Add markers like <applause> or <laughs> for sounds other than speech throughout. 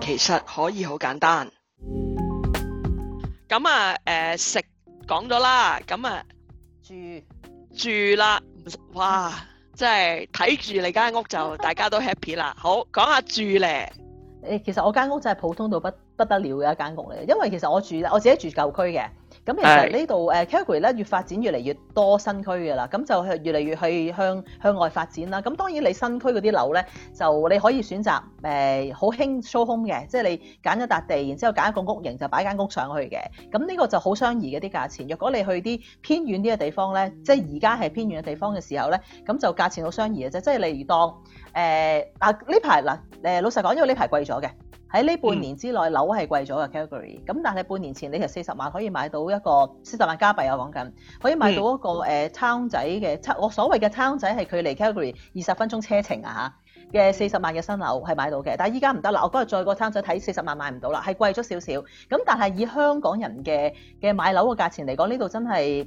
其實可以好簡單，咁啊誒食講咗啦，咁啊住住啦，哇！即係睇住你間屋就大家都 happy 啦。 <laughs> 好，講下住咧，誒其實我間屋就係普通到不不得了嘅一間屋嚟，因為其實我住我自己住舊區嘅。咁其實、呃 Calgary、呢度誒 Calgary 咧越發展越嚟越多新區嘅啦，咁就越嚟越去向向外發展啦。咁當然你新區嗰啲樓咧，就你可以選擇誒好輕 show home 嘅，即係你揀一笪地，然之後揀一個屋型就擺間屋上去嘅。咁呢個就好相宜嘅啲價錢。若果你去啲偏遠啲嘅地方咧，即係而家係偏遠嘅地方嘅時候咧，咁就價錢好相宜嘅啫。即係例如當誒、呃、啊呢排嗱老實講，因為呢排貴咗嘅。喺呢半年之內、嗯、樓係貴咗嘅 Calgary，咁但係半年前你其實四十萬可以買到一個四十萬加幣、啊、我講緊，可以買到一個誒 town、嗯呃、仔嘅 town 我所謂嘅 town 仔係距離 Calgary 二十分鐘車程啊嚇嘅四十萬嘅新樓係買到嘅，但係依家唔得啦，我嗰日再個 town 仔睇四十萬買唔到啦，係貴咗少少。咁但係以香港人嘅嘅買樓嘅價錢嚟講，呢度真係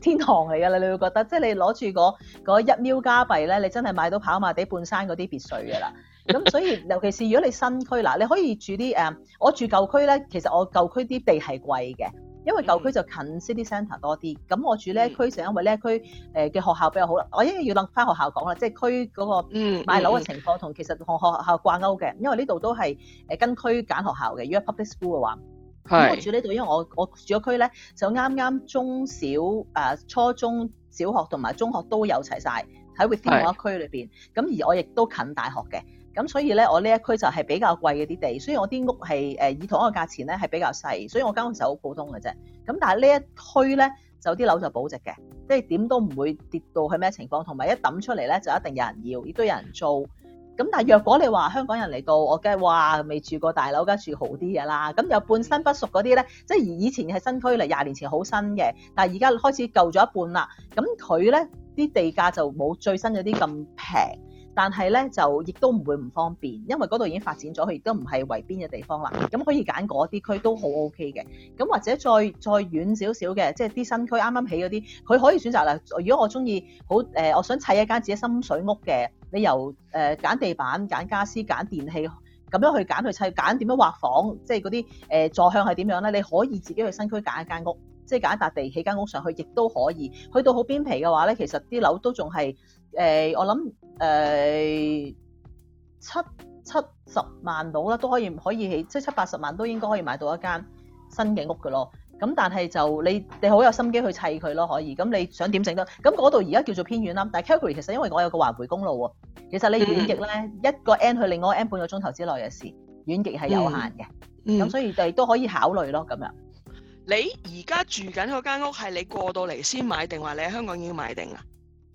天堂嚟㗎啦！你會覺得即係、就是、你攞住嗰一米加幣咧，你真係買到跑馬地半山嗰啲別墅㗎啦。咁、 <laughs> 嗯、所以尤其是如果你新區，嗱你可以住啲誒、呃，我住舊區咧，其實我舊區啲地係貴嘅，因為舊區就近 city centre 多啲。咁我住咧區，就因為咧區誒嘅學校比較好啦、嗯。我依家要諗翻學校講啦，即係區嗰個買樓嘅情況同其實同學校掛鈎嘅，因為呢度都係誒跟區揀學校嘅。如果 public school 嘅話，咁我住呢度，因為我住因為我，我住咗區咧就啱啱中小誒、啊、初中小學同埋中學都有齊晒，喺 Whitby 一區裏邊。咁而我亦都近大學嘅。咁所以咧，我呢一區就係比較貴嗰啲地，所以我啲屋係、呃、以同一個價錢咧係比較細，所以我間屋就好普通嘅啫。咁但係呢一區咧，就啲樓就保值嘅，即係點都唔會跌到去咩情況。同埋一揼出嚟咧，就一定有人要，亦都有人租。咁但係若果你話香港人嚟到，我梗 u e 哇未住過大樓，梗係住好啲嘅啦。咁有半身不熟嗰啲咧，即係以前係新區嚟，廿年前好新嘅，但係而家開始舊咗一半啦。咁佢咧啲地價就冇最新嗰啲咁平。但係咧，就亦都唔會唔方便，因為嗰度已經發展咗，佢亦都唔係圍邊嘅地方啦。咁可以揀嗰啲區都好 OK 嘅。咁或者再再遠少少嘅，即係啲新區啱啱起嗰啲，佢可以選擇啦、OK。如果我中意好誒，我想砌一間自己心水屋嘅，你由誒揀、呃、地板、揀家私、揀電器，咁樣去揀去砌，揀點樣畫房，即係嗰啲誒座向係點樣咧？你可以自己去新區揀一間屋，即係揀一笪地起間屋上去，亦都可以。去到好邊皮嘅話咧，其實啲樓都仲係。誒、呃，我諗誒、呃、七七十萬到啦，都可以可以起，即係七八十萬都應該可以買到一間新嘅屋噶咯。咁但係就你你好有心機去砌佢咯，可以。咁你想點整得？咁嗰度而家叫做偏遠啦，但係 Calgary 其實因為我有個環回公路喎，其實你遠極咧、嗯、一個 N 去另外一 N 半個鐘頭之內嘅事，遠極係有限嘅。咁、嗯嗯嗯、所以就都可以考慮咯，咁樣。你而家住緊嗰間屋係你過到嚟先買定，話你喺香港已經買定啊？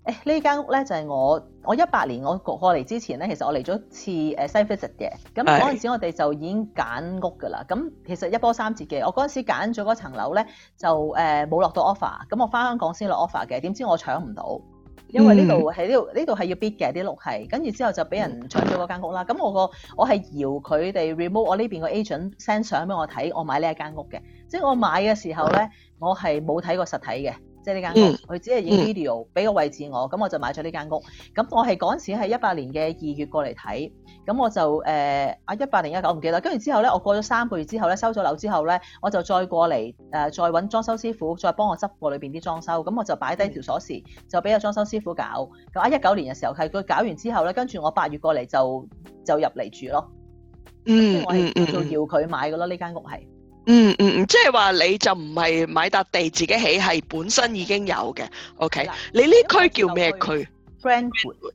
誒、哎、呢間屋咧就係、是、我我一八年我過嚟之前咧，其實我嚟咗一次誒西、呃、visit 嘅，咁嗰陣時我哋就已經揀屋噶啦。咁其實一波三折嘅，我嗰陣時揀咗嗰層樓咧，就誒冇、呃、落到 offer，咁我翻香港先落 offer 嘅。點知我搶唔到，因為呢度喺呢度呢度係要 bid 嘅啲屋係，跟住之後就俾人搶咗嗰間屋啦。咁、嗯、我個我係搖佢哋 remote 我呢邊個 agent send 相俾我睇，我買呢一間屋嘅。即我買嘅時候咧、嗯，我係冇睇過實體嘅。即係呢間屋，佢、嗯、只係影 video，俾個位置我，咁、嗯、我就買咗呢間屋。咁我係嗰陣時係一八年嘅二月過嚟睇，咁我就誒啊一八年一九唔記得了，跟住之後咧，我過咗三個月之後咧，收咗樓之後咧，我就再過嚟誒、呃，再揾裝修師傅，再幫我執過裏邊啲裝修，咁我就擺低條鎖匙，嗯、就俾個裝修師傅搞。咁啊一九年嘅時候係佢搞完之後咧，跟住我八月過嚟就就入嚟住咯。嗯嗯叫叫嗯，叫佢買㗎咯呢間屋係。嗯嗯嗯，即係話你就唔係買笪地自己起，係本身已經有嘅。OK，你呢區叫咩區？Grand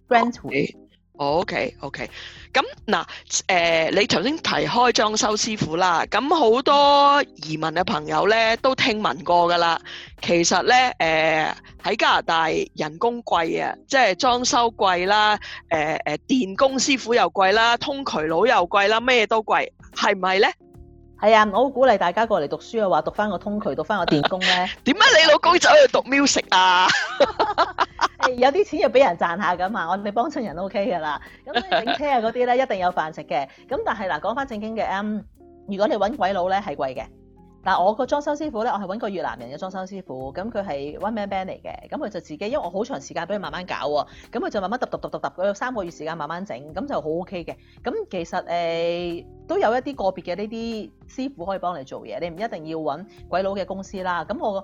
Grandview。OK OK，咁嗱，誒，你頭先、OK, OK, OK 呃、提開裝修師傅啦，咁好多移民嘅朋友咧都聽聞過噶啦。其實咧，誒、呃、喺加拿大人工貴啊，即係裝修貴啦，誒、呃、誒電工師傅又貴啦，通渠佬又貴啦，咩都貴，係唔係咧？係啊，我好鼓勵大家過嚟讀書啊，話讀翻個通渠，讀翻個電工咧。點解你老公走去讀 music 啊？ <laughs> <laughs> <laughs> 有啲錢要俾人賺下㗎嘛，我哋幫襯人都 OK 㗎啦。咁所以整車啊嗰啲咧， <laughs> 一定有飯食嘅。咁但係嗱，講翻正經嘅、嗯，如果你揾鬼佬咧，係貴嘅。但我個裝修師傅咧，我係揾個越南人嘅裝修師傅，咁佢係 one man band 嚟嘅，咁佢就自己，因為我好長時間俾佢慢慢搞喎，咁佢就慢慢揼揼揼揼揼，佢三個月時間慢慢整，咁就好 OK 嘅。咁其實誒、呃、都有一啲個別嘅呢啲師傅可以幫你做嘢，你唔一定要揾鬼佬嘅公司啦。咁我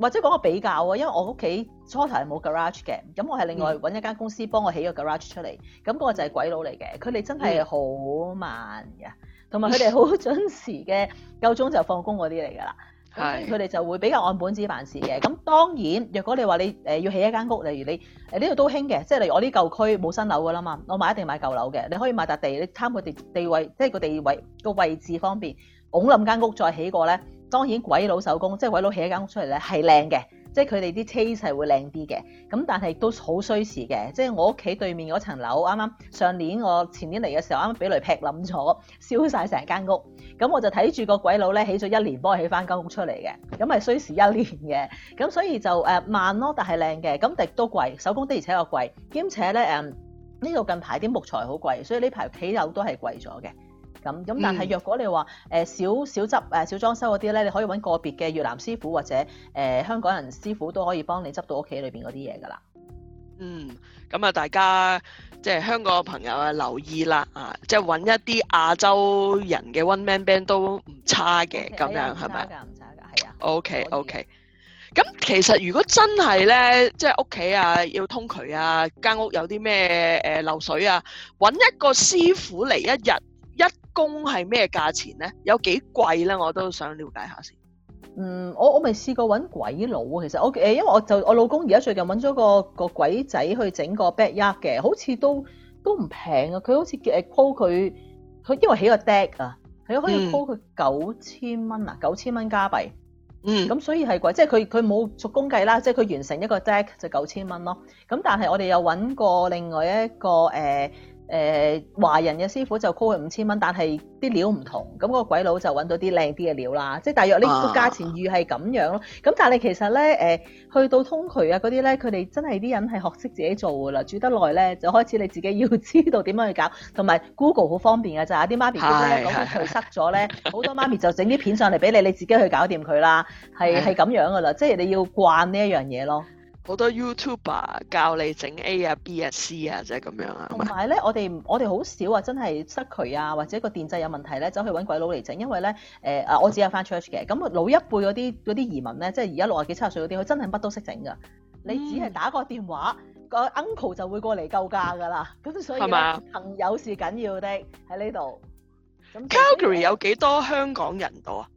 或者講個比較啊，因為我屋企初頭係冇 garage 嘅，咁我係另外揾一間公司幫我起個 garage 出嚟，咁、那、嗰、個、就係鬼佬嚟嘅，佢哋真係好慢嘅。同埋佢哋好準時嘅，夠鐘就放工嗰啲嚟噶啦。佢 <laughs> 哋就會比較按本子辦事嘅。咁當然，若果你話你要起一間屋，例如你呢度都興嘅，即係例如我呢舊區冇新樓噶啦嘛，我買一定買舊樓嘅。你可以買笪地，你貪佢地地位，即係個地位個位，位置方便。拱冧間屋再起過咧，當然鬼佬手工，即係鬼佬起一間屋出嚟咧係靚嘅。即係佢哋啲 taste 係會靚啲嘅，咁但係都好需時嘅。即係我屋企對面嗰層樓啱啱上年我前年嚟嘅時候啱啱俾雷劈冧咗，燒晒成間屋。咁我就睇住個鬼佬咧起咗一年幫我起翻間屋出嚟嘅，咁係需時一年嘅。咁所以就誒慢咯，但係靚嘅，咁亦都貴，手工的而且又貴，兼且咧呢度近排啲木材好貴，所以呢排起樓都係貴咗嘅。咁咁，但係若果你話誒少少執誒少裝修嗰啲咧，你可以揾個別嘅越南師傅或者誒、呃、香港人師傅都可以幫你執到屋企裏邊嗰啲嘢噶啦。嗯，咁啊，大家即係、就是、香港嘅朋友啊，留意啦啊，即係揾一啲亞洲人嘅 One man band 都唔差嘅，咁、okay, 樣係咪？唔、哎、差㗎，唔差㗎，係啊。OK OK。咁、okay. 其實如果真係咧，即係屋企啊要通渠啊，間屋有啲咩誒漏水啊，揾一個師傅嚟一日工係咩價錢咧？有幾貴咧？我都想了解下先。嗯，我我未試過揾鬼佬，其實我誒，因為我就我老公而家最近揾咗個個鬼仔去整個 backyard 嘅，好似都都唔平啊。佢好似誒 call 佢，佢因為起個 deck 啊，係可以 call 佢九千蚊啊，九千蚊加幣。嗯。咁所以係貴，即係佢佢冇做工計啦，即係佢完成一個 deck 就九千蚊咯。咁但係我哋又揾過另外一個誒。呃誒、呃、華人嘅師傅就 call 佢五千蚊，但係啲料唔同，咁、嗰個鬼佬就揾到啲靚啲嘅料啦，即係大約呢個價錢預係咁樣咯。咁、啊、但係其實咧，誒、呃、去到通渠啊嗰啲咧，佢哋真係啲人係學識自己做噶啦，住得耐咧就開始你自己要知道點樣去搞，同埋 Google 好方便嘅就係、是、啲媽咪，講到佢塞咗咧，好 <laughs> 多媽咪就整啲片上嚟俾你，你自己去搞掂佢啦，係係咁樣噶啦，即係你要慣呢一樣嘢咯。好多 YouTuber 教你整 A 啊 B 啊 C 啊，即係咁樣啊。同埋咧，我哋我哋好少啊，真係失佢啊，或者個電掣有問題咧，走去揾鬼佬嚟整。因為咧，誒、呃、啊，我只有翻 Church 嘅。咁老一輩嗰啲啲移民咧，即係而家六十幾七十歲嗰啲，佢真係乜都識整噶。嗯、你只係打個電話，嗯、個 uncle 就會過嚟救駕噶啦。咁所以係咪朋友是緊要的喺呢度。咁、就是、Calgary 有幾多香港人度啊？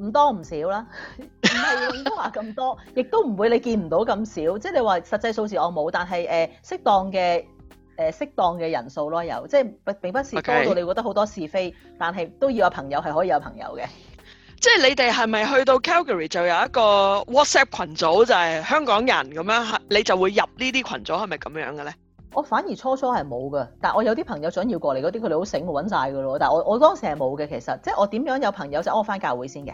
唔多唔少啦，唔係係話咁多，亦都唔會你見唔到咁少，即係你話實際數字我冇，但係誒、呃、適當嘅誒、呃、適當嘅人數咯，有即係並不是多到你覺得好多是非，Okay. 但係都要有朋友係可以有朋友嘅。即係你哋係咪去到 Calgary 就有一個 WhatsApp 群組就係、是、香港人咁樣，你就會入呢啲群組係咪咁樣嘅咧？我反而初初係冇㗎，但係我有啲朋友想要過嚟嗰啲，佢哋好醒揾晒㗎咯。但係我我當時係冇嘅，其實即係我點樣有朋友就我返教會先嘅，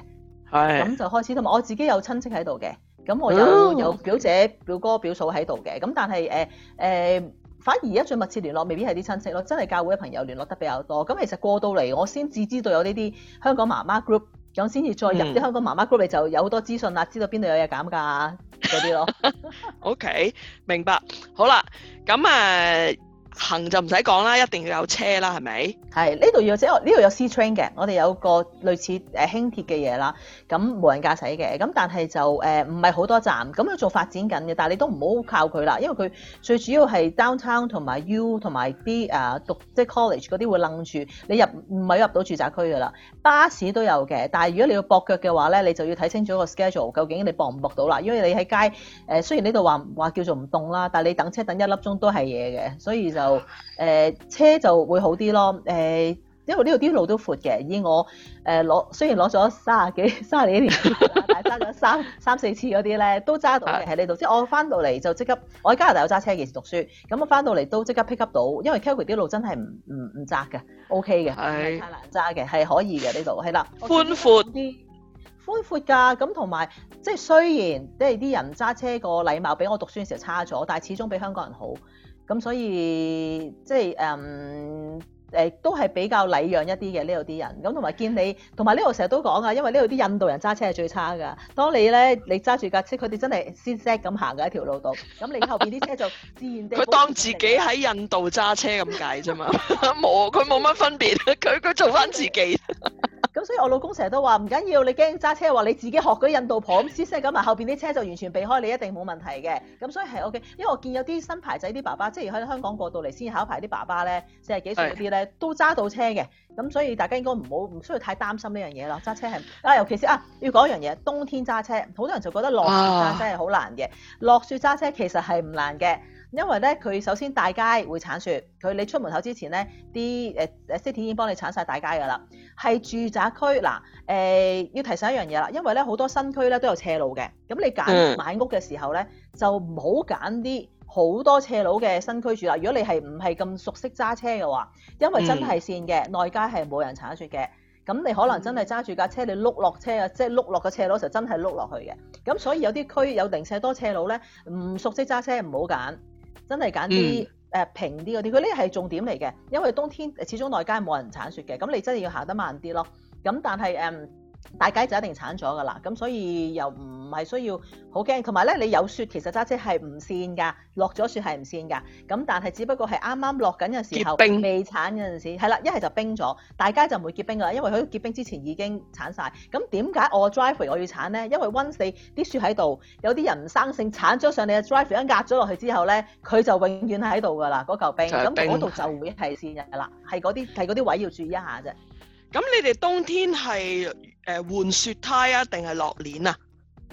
咁就開始。同埋我自己有親戚喺度嘅，咁我有、哦、有表姐、表哥、表嫂喺度嘅，咁但係誒誒，反而而家最密切聯絡，未必係啲親戚咯，真係教會嘅朋友聯絡得比較多。咁其實過到嚟，我先至知道有呢啲香港媽媽 group。咁先至再入啲香港媽媽 group、嗯、就有好多資訊啦，知道邊度有嘢減價嗰啲咯。 <laughs> <laughs> OK，明白。好啦，咁啊。行就唔使講啦，一定要有車啦，係咪？係呢度有即係呢度有 C train 嘅，我哋有個類似誒、啊、輕鐵嘅嘢啦。咁無人駕駛嘅，咁但係就誒唔係好多站，咁佢做發展緊嘅。但係你都唔好靠佢啦，因為佢最主要係 downtown 同埋 U 同埋啲誒讀即係 college 嗰啲會愣住，你入唔係入到住宅區㗎啦。巴士都有嘅，但係如果你要駁腳嘅話咧，你就要睇清楚個 schedule，究竟你駁唔駁到啦。因為你喺街誒、呃，雖然呢度話話叫做唔凍啦，但係你等車等一粒鐘都係嘢嘅，所以就。就、呃、車就會好啲咯、呃，因為呢度啲路都闊嘅。以我誒攞、呃、雖然攞咗卅幾卅幾年 <laughs> 但係，揸咗三三四次嗰啲咧，都揸到嘅喺呢度。即係我翻到嚟就即刻，我喺加拿大有揸車嘅時讀書，咁我翻到嚟都即刻 pick up 到，因為 Calgary 啲路真係唔唔唔窄嘅，OK 嘅，是的是太難揸嘅，係可以嘅呢度係啦，寬闊啲，寬闊噶。咁同埋即係雖然即係啲人揸車個禮貌比我讀書嘅時候差咗，但係始終比香港人好。咁所以即係誒誒，都係比較禮讓一啲嘅呢度啲人。咁同埋見你，同埋呢度成日都講啊，因為呢度啲印度人揸車係最差㗎。當你咧你揸住架車，佢哋真係先 set 咁行嘅一條路度，咁你後面啲車就自然佢 <laughs> 當自己喺印度揸車咁解啫嘛，冇佢冇乜分別，佢佢做翻自己。 <laughs> 咁所以我老公成日都話唔緊要，你驚揸車，話你自己學嗰啲印度婆咁，聲聲咁埋後邊啲車就完全避開你，一定冇問題嘅。咁所以係 OK，因為我見有啲新牌仔啲爸爸，即係喺香港過度嚟先考牌啲爸爸咧，即係幾歲嗰啲咧都揸到車嘅。咁所以大家應該唔好唔需要太擔心呢樣嘢咯，揸車係啊，尤其是啊要講一樣嘢，冬天揸車，好多人就覺得落雪揸車係好難嘅，落雪揸車其實係唔難嘅。因為咧，佢首先大街會鏟雪，佢你出門口之前咧，啲誒誒 set 已經幫你鏟晒大街噶啦。係住宅區嗱，誒、啊呃、要提醒一樣嘢啦，因為咧好多新區咧都有斜路嘅，咁你揀買屋嘅時候咧，就唔好揀啲好多斜路嘅新區住啦。如果你係唔係咁熟悉揸車嘅話，因為真係線嘅、嗯、內街係冇人鏟雪嘅，咁你可能真係揸住架車你碌落車啊，即係碌落個斜路就真係碌落去嘅。咁所以有啲區有零舍多斜路咧，唔熟悉揸車唔好揀。真係揀啲平啲嗰啲，佢呢係重點嚟嘅，因為冬天始終內街係冇人鏟雪嘅，咁你真係要行得慢啲囉。咁但係大街就一定鏟咗噶啦，咁所以又唔係需要好驚。同埋咧，你有雪其實揸車係唔跣噶，落咗雪係唔跣噶。咁但係只不過係啱啱落緊嘅時候，未鏟嗰陣時候，係啦，一係就冰咗，大街就唔會結冰噶啦，因為佢結冰之前已經鏟晒。咁點解我 driveway 我要鏟咧？因為溫四啲雪喺度，有啲人唔生性鏟咗上嚟嘅 driveway，一壓咗落去之後咧，佢就永遠喺度噶啦，嗰嚿冰咁嗰度就會係跣嘅啦。係嗰啲係嗰啲位要注意一下啫。咁你哋冬天係？誒換雪胎啊，定係落鏈啊？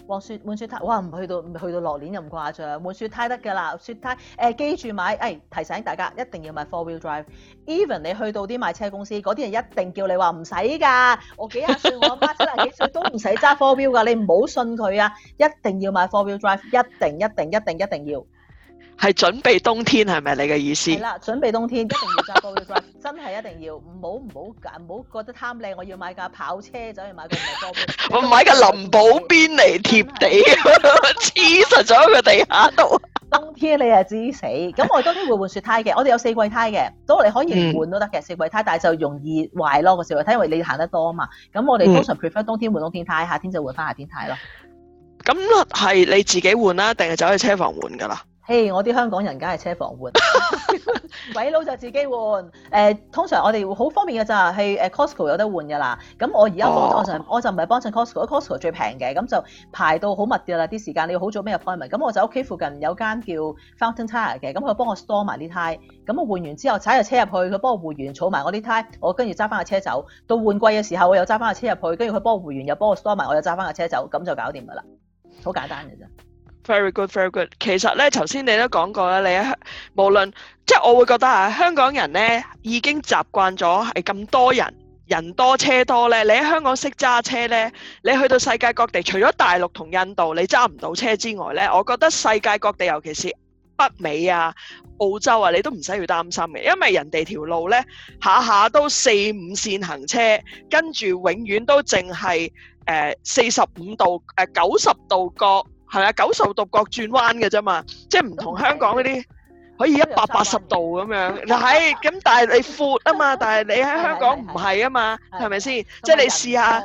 換雪換雪胎，哇！唔去到唔去到落鏈就唔掛住，換雪胎得㗎啦。雪胎，誒記住買，誒提醒大家一定要買 four wheel drive。Even 你去到啲買車公司，嗰啲人一定叫你話唔使㗎。我幾廿歲，我阿媽七十幾歲都唔使揸 four wheel 㗎。你唔好信佢啊！一定要買 four wheel drive，一定一定一定一定要。係準備冬天係咪你嘅意思？係啦，準備冬天一定要揸高跟，真係一定要唔好唔好唔好覺得貪靚，我要買架跑車走去買個高跟，我 <laughs> 買架林寶邊嚟貼地，黐實咗喺個地下度。冬天你係知死，咁 <laughs> 我哋冬天會換雪胎嘅，我哋有四季胎嘅，到我哋可以換都得嘅，嗯、四季胎，但係就容易壞咯個四季胎，因為你行得多啊嘛。咁我哋通常 prefer 冬天換冬天胎，夏天就換翻夏天胎咯。咁、嗯、係你自己換啦，定係走去車房換噶啦？嘿、hey，我啲香港人梗係車房換， <laughs> 鬼佬就自己換。Uh, 通常我哋好方便嘅咋，係 Costco 有得換㗎啦。咁我而家幫我就我就唔係幫襯 Costco，Costco 最平嘅。咁就排到好密㗎啦，啲時間你要好早咩 appointment 嘅嘛。咁我就屋企附近有間叫 Fountain Tire 嘅，咁佢幫我 store 埋啲 tire。咁我換完之後踩架車入去，佢幫我換完，儲埋我啲 tire。我跟住揸翻架車走到換季嘅時候，我又揸翻架車入去，跟住佢幫我換完，又幫我 store 埋，我又揸翻架車走，咁就搞掂㗎啦。好簡單嘅啫。Very good, very good。其實咧，頭先你都講過啦，你喺無論即係我會覺得啊，香港人咧已經習慣咗係咁多人，人多車多咧。你喺香港識揸車咧，你去到世界各地，除咗大陸同印度你揸唔到車之外咧，我覺得世界各地尤其是北美啊、澳洲啊，你都唔使要擔心嘅，因為人哋條路咧下下都四五線行車，跟住永遠都淨係呃四十五度、呃九十度角。係啊，九十度角轉彎嘅啫嘛，即係唔同香港嗰啲可以一百八十度咁樣，係咁，是 <laughs> 但係你闊啊嘛， <laughs> 但係你喺香港唔係啊嘛，係咪先？即係你試下。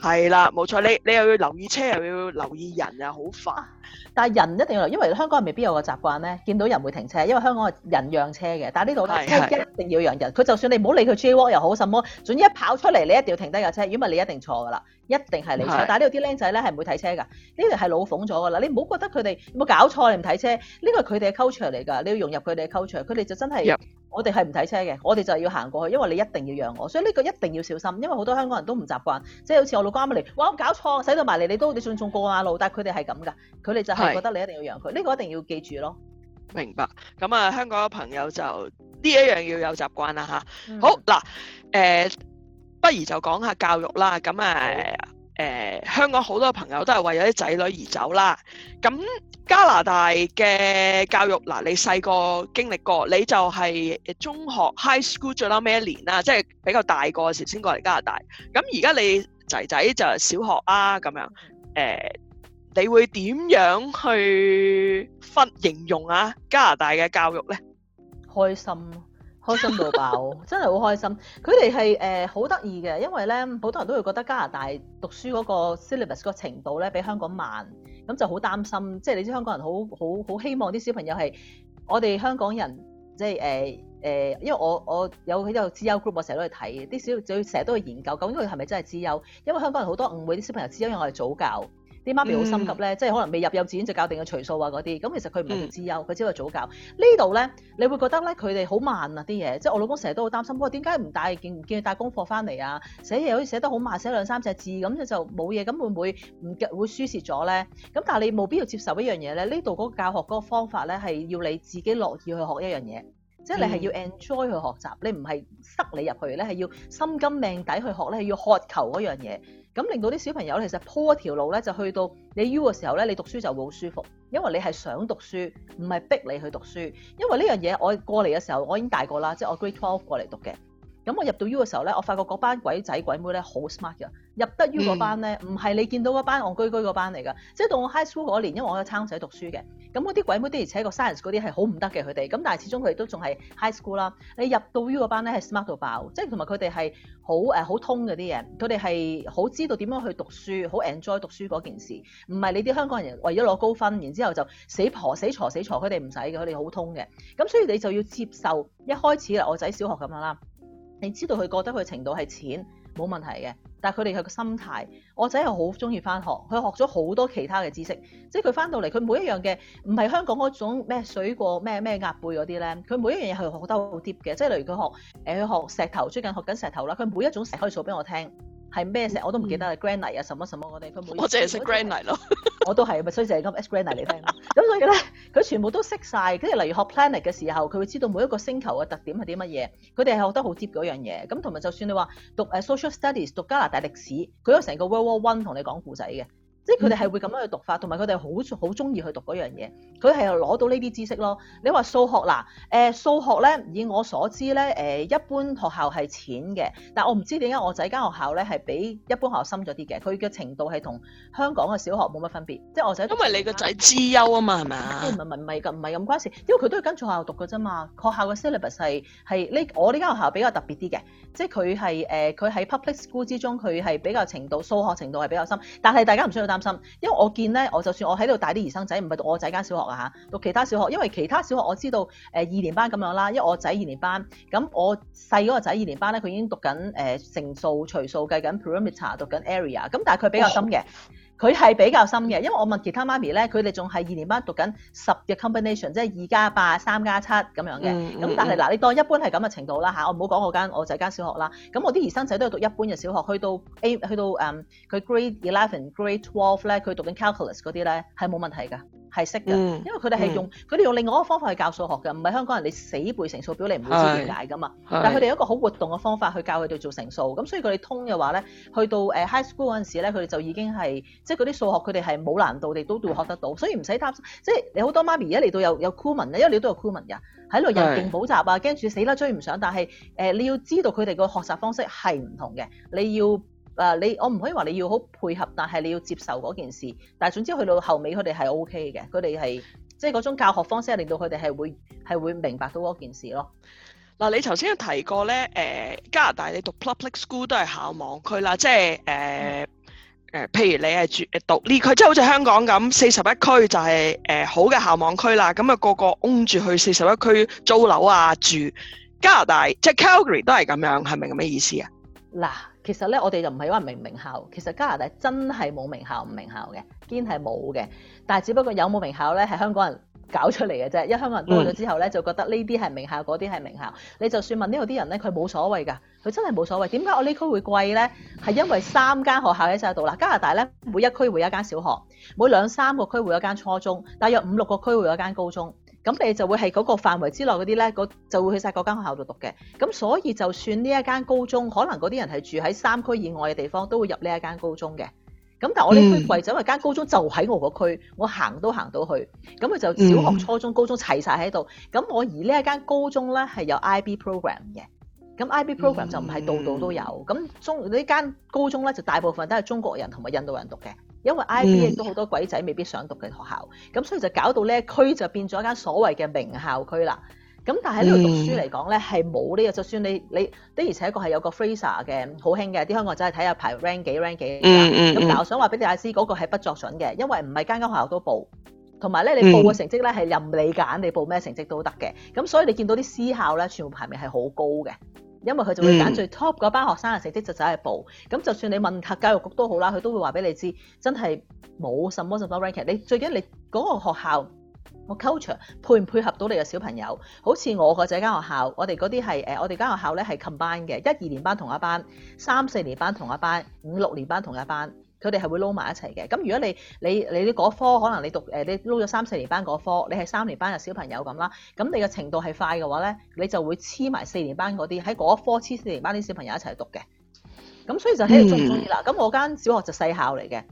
係啦，冇錯，你你又要留意車，又要留意人，又好煩。啊、但係人一定要留意，因為香港人未必有個習慣咧，見到人會停車，因為香港係人讓車嘅。但係呢度一定要讓人，佢就算你唔好理佢 J walk 又好什麼，總之一跑出嚟，你一定要停低架車，如果唔係你一定錯噶啦，一定係你錯。但係呢度啲僆仔咧係唔會睇車㗎，呢度係老諷咗㗎啦。你唔好覺得佢哋有冇搞錯，你唔睇車，呢個係佢哋嘅 culture 嚟㗎，你要融入佢哋嘅 culture，佢哋就真係。我哋係唔睇車嘅，我哋就要行過去，因為你一定要讓我，所以呢個一定要小心，因為好多香港人都唔習慣，即係好似我老公啱嚟，哇！我搞錯，使到埋嚟，你都你仲重過下路，但係佢哋係咁噶，佢哋就係覺得你一定要讓佢，呢、這個一定要記住咯。明白，咁啊，香港嘅朋友就呢一樣要有習慣啦吓？好嗱，誒、嗯，不如就講下教育啦，咁啊。誒、呃、香港好多朋友都係為咗啲仔女而走啦。咁加拿大嘅教育嗱、呃，你細個經歷過，你就係中學 high school 最多咩一年啦、啊，即、就、係、是、比較大個時先過嚟加拿大。咁而家你仔仔就係小學啊咁樣。誒、呃，你會點樣去分形容啊加拿大嘅教育呢？開心。開 <laughs> 心到爆，真係好開心。佢哋係誒好得意嘅，因為咧好多人都會覺得加拿大讀書嗰個 syllabus 個程度咧比香港慢，咁就好擔心。即係你知香港人好好好希望啲小朋友係我哋香港人，即係誒誒，因為我我，我有喺度資優 group，我成日都去睇啲小就成日都去研究究竟佢係咪真係資優？因為香港人好多誤會，啲小朋友資優，因為我哋早教。啲媽咪好心急咧、嗯，即係可能未入幼稚園就教定嘅除數啊嗰啲，咁其實佢唔係叫資優，佢、嗯、只係早教呢度咧，你會覺得咧佢哋好慢啊啲嘢，即係我老公成日都好擔心，喂點解唔帶見唔見佢帶功課翻嚟啊？寫嘢好似寫得好慢，寫兩三隻字咁就冇嘢，咁會唔會唔會輸蝕咗咧？咁但係你冇必要接受一樣嘢咧，呢度嗰個教學嗰個方法咧係要你自己樂意去學一樣嘢。嗯、即係你係要 enjoy 去學習，你唔係塞你入去，你係要心甘命抵去學咧，係要渴求嗰樣嘢，咁令到啲小朋友其實鋪一條路咧，就去到你 U 嘅時候咧，你讀書就會好舒服，因為你係想讀書，唔係逼你去讀書，因為呢樣嘢我過嚟嘅時候，我已經大個啦，即係我 Grade Twelve 過嚟讀嘅。咁我入到 U 嘅時候咧，我發覺嗰班鬼仔鬼妹咧好 smart 嘅，入得 U 嗰班咧，唔、嗯、係你見到嗰班戇居居嗰班嚟㗎。即係到我 high school 嗰年，因為我有湯仔讀書嘅，咁嗰啲鬼妹啲，而且個 science 嗰啲係好唔得嘅佢哋。咁但係始終佢哋都仲係 high school 啦。你入到 U 嗰班咧係 smart 到爆，即係同埋佢哋係好誒好通嗰啲嘢。佢哋係好知道點樣去讀書，好 enjoy 讀書嗰件事，唔係你啲香港人為咗攞高分，然之後就死婆死嘈死嘈。佢哋唔使嘅，佢哋好通嘅。咁所以你就要接受一開始啦，我仔小學咁樣啦。你知道佢覺得佢程度係淺，冇問題嘅，但係佢哋嘅心態，我仔係好中意翻學，佢學咗好多其他嘅知識，即係佢翻到嚟佢每一樣嘅，唔係香港嗰種咩水果咩咩鴨背嗰啲咧，佢每一樣嘢係學得好 deep 嘅，即係例如佢學誒佢學石頭，最近學緊石頭啦，佢每一種石頭可以數俾我聽。係咩石我都唔記得啦，granite 啊，什麼什麼我哋，佢冇。我淨係識 granite 咯。 <laughs> 我都係，咪所以成日咁 ask granite 你聽。咁 <laughs> 所以咧，佢全部都識晒。跟住例如學 planet 嘅時候，佢會知道每一個星球嘅特點係啲乜嘢。佢哋係學得好接嗰樣嘢。咁同埋就算你話讀誒 social studies 讀加拿大歷史，佢都成個 World War One 同你講故仔嘅。即係佢哋係會咁樣去讀法，同埋佢哋好好中意去讀嗰樣嘢。佢係攞到呢啲知識咯。你話數學嗱，誒、呃、數學咧，以我所知咧，誒、呃、一般學校係淺嘅，但係我唔知點解我仔間學校咧係比一般學校深咗啲嘅。佢嘅程度係同香港嘅小學冇乜分別。即係我仔都係你個仔資優啊嘛，係咪啊？唔係唔係咁唔係咁關事，因為佢都要跟住學校讀嘅啫嘛。學校嘅 syllabus 係呢，我呢間學校比較特別啲嘅，即係佢係誒佢喺 public school 之中，佢係比較程度數學程度係比較深，但係大家唔需要擔心。因為我見咧，我就算我喺度帶啲兒生仔，唔係讀我仔間小學啊吓，讀其他小學，因為其他小學我知道誒、呃、二年班咁樣啦，因為我仔二年班，咁我細嗰個仔二年班咧，佢已經讀緊誒乘數、除、呃、數、計緊 perimeter，讀緊 area，咁但係佢比較深嘅。佢係比較深嘅，因為我問其他媽咪咧，佢哋仲係二年班讀緊十嘅 combination，即係二加八、三加七咁樣嘅。咁但係嗱，你當一般係咁嘅程度啦嚇，我唔好講我間我仔間小學啦。咁我啲兒生仔都係讀一般嘅小學，去到 A 去到嗯，佢 Grade Eleven、Grade Twelve 咧，佢讀緊 calculus 嗰啲咧係冇問題㗎。係識嘅，因為佢哋係用佢哋、嗯、用另外一個方法去教數學嘅，唔係香港人你死背乘數表你唔會知點解噶嘛。但係佢哋有一個好活動嘅方法去教佢哋做乘數，咁、嗯、所以佢哋通嘅話咧，去到誒、uh, high school 嗰陣時咧，佢哋就已經係即係嗰啲數學佢哋係冇難度你都都學得到，所以唔使擔心。即係你好多媽咪而家嚟到有又 Kumon 咧，Kumon，因為你都有 Kumon 㗎，喺度人勁補習啊，驚住死啦追唔上。但係誒、呃、你要知道佢哋個學習方式係唔同嘅，你要。啊！你我唔可以話你要好配合，但係你要接受嗰件事。但係總之去到後尾，OK，佢哋係 O K 嘅，佢哋係即係嗰種教學方式令佢哋，令到佢哋係會係會明白到嗰件事咯。嗱、啊，你頭先提過咧，誒、呃，加拿大你讀 public school 都係校網區啦，即係誒誒，譬如你係住誒、呃、讀呢區，即係好似香港咁，四十一區就係、是、誒、呃、好嘅校網區啦。咁啊，個個擁住去四十一區租樓啊住。加拿大即係 Calgary 都係咁樣，係咪咁嘅意思啊？嗱。其實咧，我哋就唔係話名唔名校，其實加拿大真係冇名校唔名校嘅，堅係冇嘅。但係只不過有冇名校咧，係香港人搞出嚟嘅啫。因為香港人嚟咗之後咧，就覺得呢啲係名校，嗰啲係名校。你就算問呢度啲人咧，佢冇所謂㗎，佢真係冇所謂。點解我呢區會貴咧？係因為三間學校喺曬度啦。加拿大咧，每一區會有一間小學，每兩三個區會有一間初中，大約五六個區會有一間高中。咁你就會喺嗰個範圍之內嗰啲咧，就會去晒嗰間學校度讀嘅。咁所以就算呢一間高中，可能嗰啲人係住喺三區以外嘅地方，都會入呢一間高中嘅。咁但係我呢區為咗嗰間高中就喺我個區，我行都行到去。咁佢就小學、初中、高中齊晒喺度。咁、嗯、我而呢一間高中咧，係有 IB program 嘅。咁 IB program 就唔係度度都有。咁、嗯、中，中呢間高中咧就大部分都係中國人同埋印度人讀嘅。因為 IB 亦都好多鬼仔未必想讀嘅學校，咁、嗯、所以就搞到呢區就變咗一間所謂嘅名校區啦。咁但係呢度讀書嚟講呢，係冇呢個。就算你你的而且確係有個 Fraser 嘅，好興嘅，啲香港仔係睇下排 rank 幾 rank 幾、嗯。嗯咁但我想話俾大家知嗰個係不作準嘅，因為唔係間間學校都報，同埋呢，你報嘅成績呢，係任你揀，你報咩成績都得嘅。咁所以你見到啲私校呢，全部排名係好高嘅。因為佢就會揀最 top 嗰班學生嘅成績就走去報，咁、嗯、就算你問下教育局都好啦，佢都會話俾你知，真係冇什麼什麼 rank 你最緊你嗰個學校、個 culture 配唔配合到你嘅小朋友？好似我個仔間學校，我哋嗰啲係誒，我哋間學校咧係 combine 嘅，一二年班同一班，三四年班同一班，五六年班同一班。佢哋係會撈埋一齊嘅，咁如果你你你啲嗰科可能你讀誒你撈咗三四年班嗰科，你係三年班嘅小朋友咁啦，咁你嘅程度係快嘅話咧，你就會黐埋四年班嗰啲，喺嗰科黐四年班啲小朋友一齊讀嘅，咁所以就喺度中中意啦。咁、嗯、我間小學就細校嚟嘅。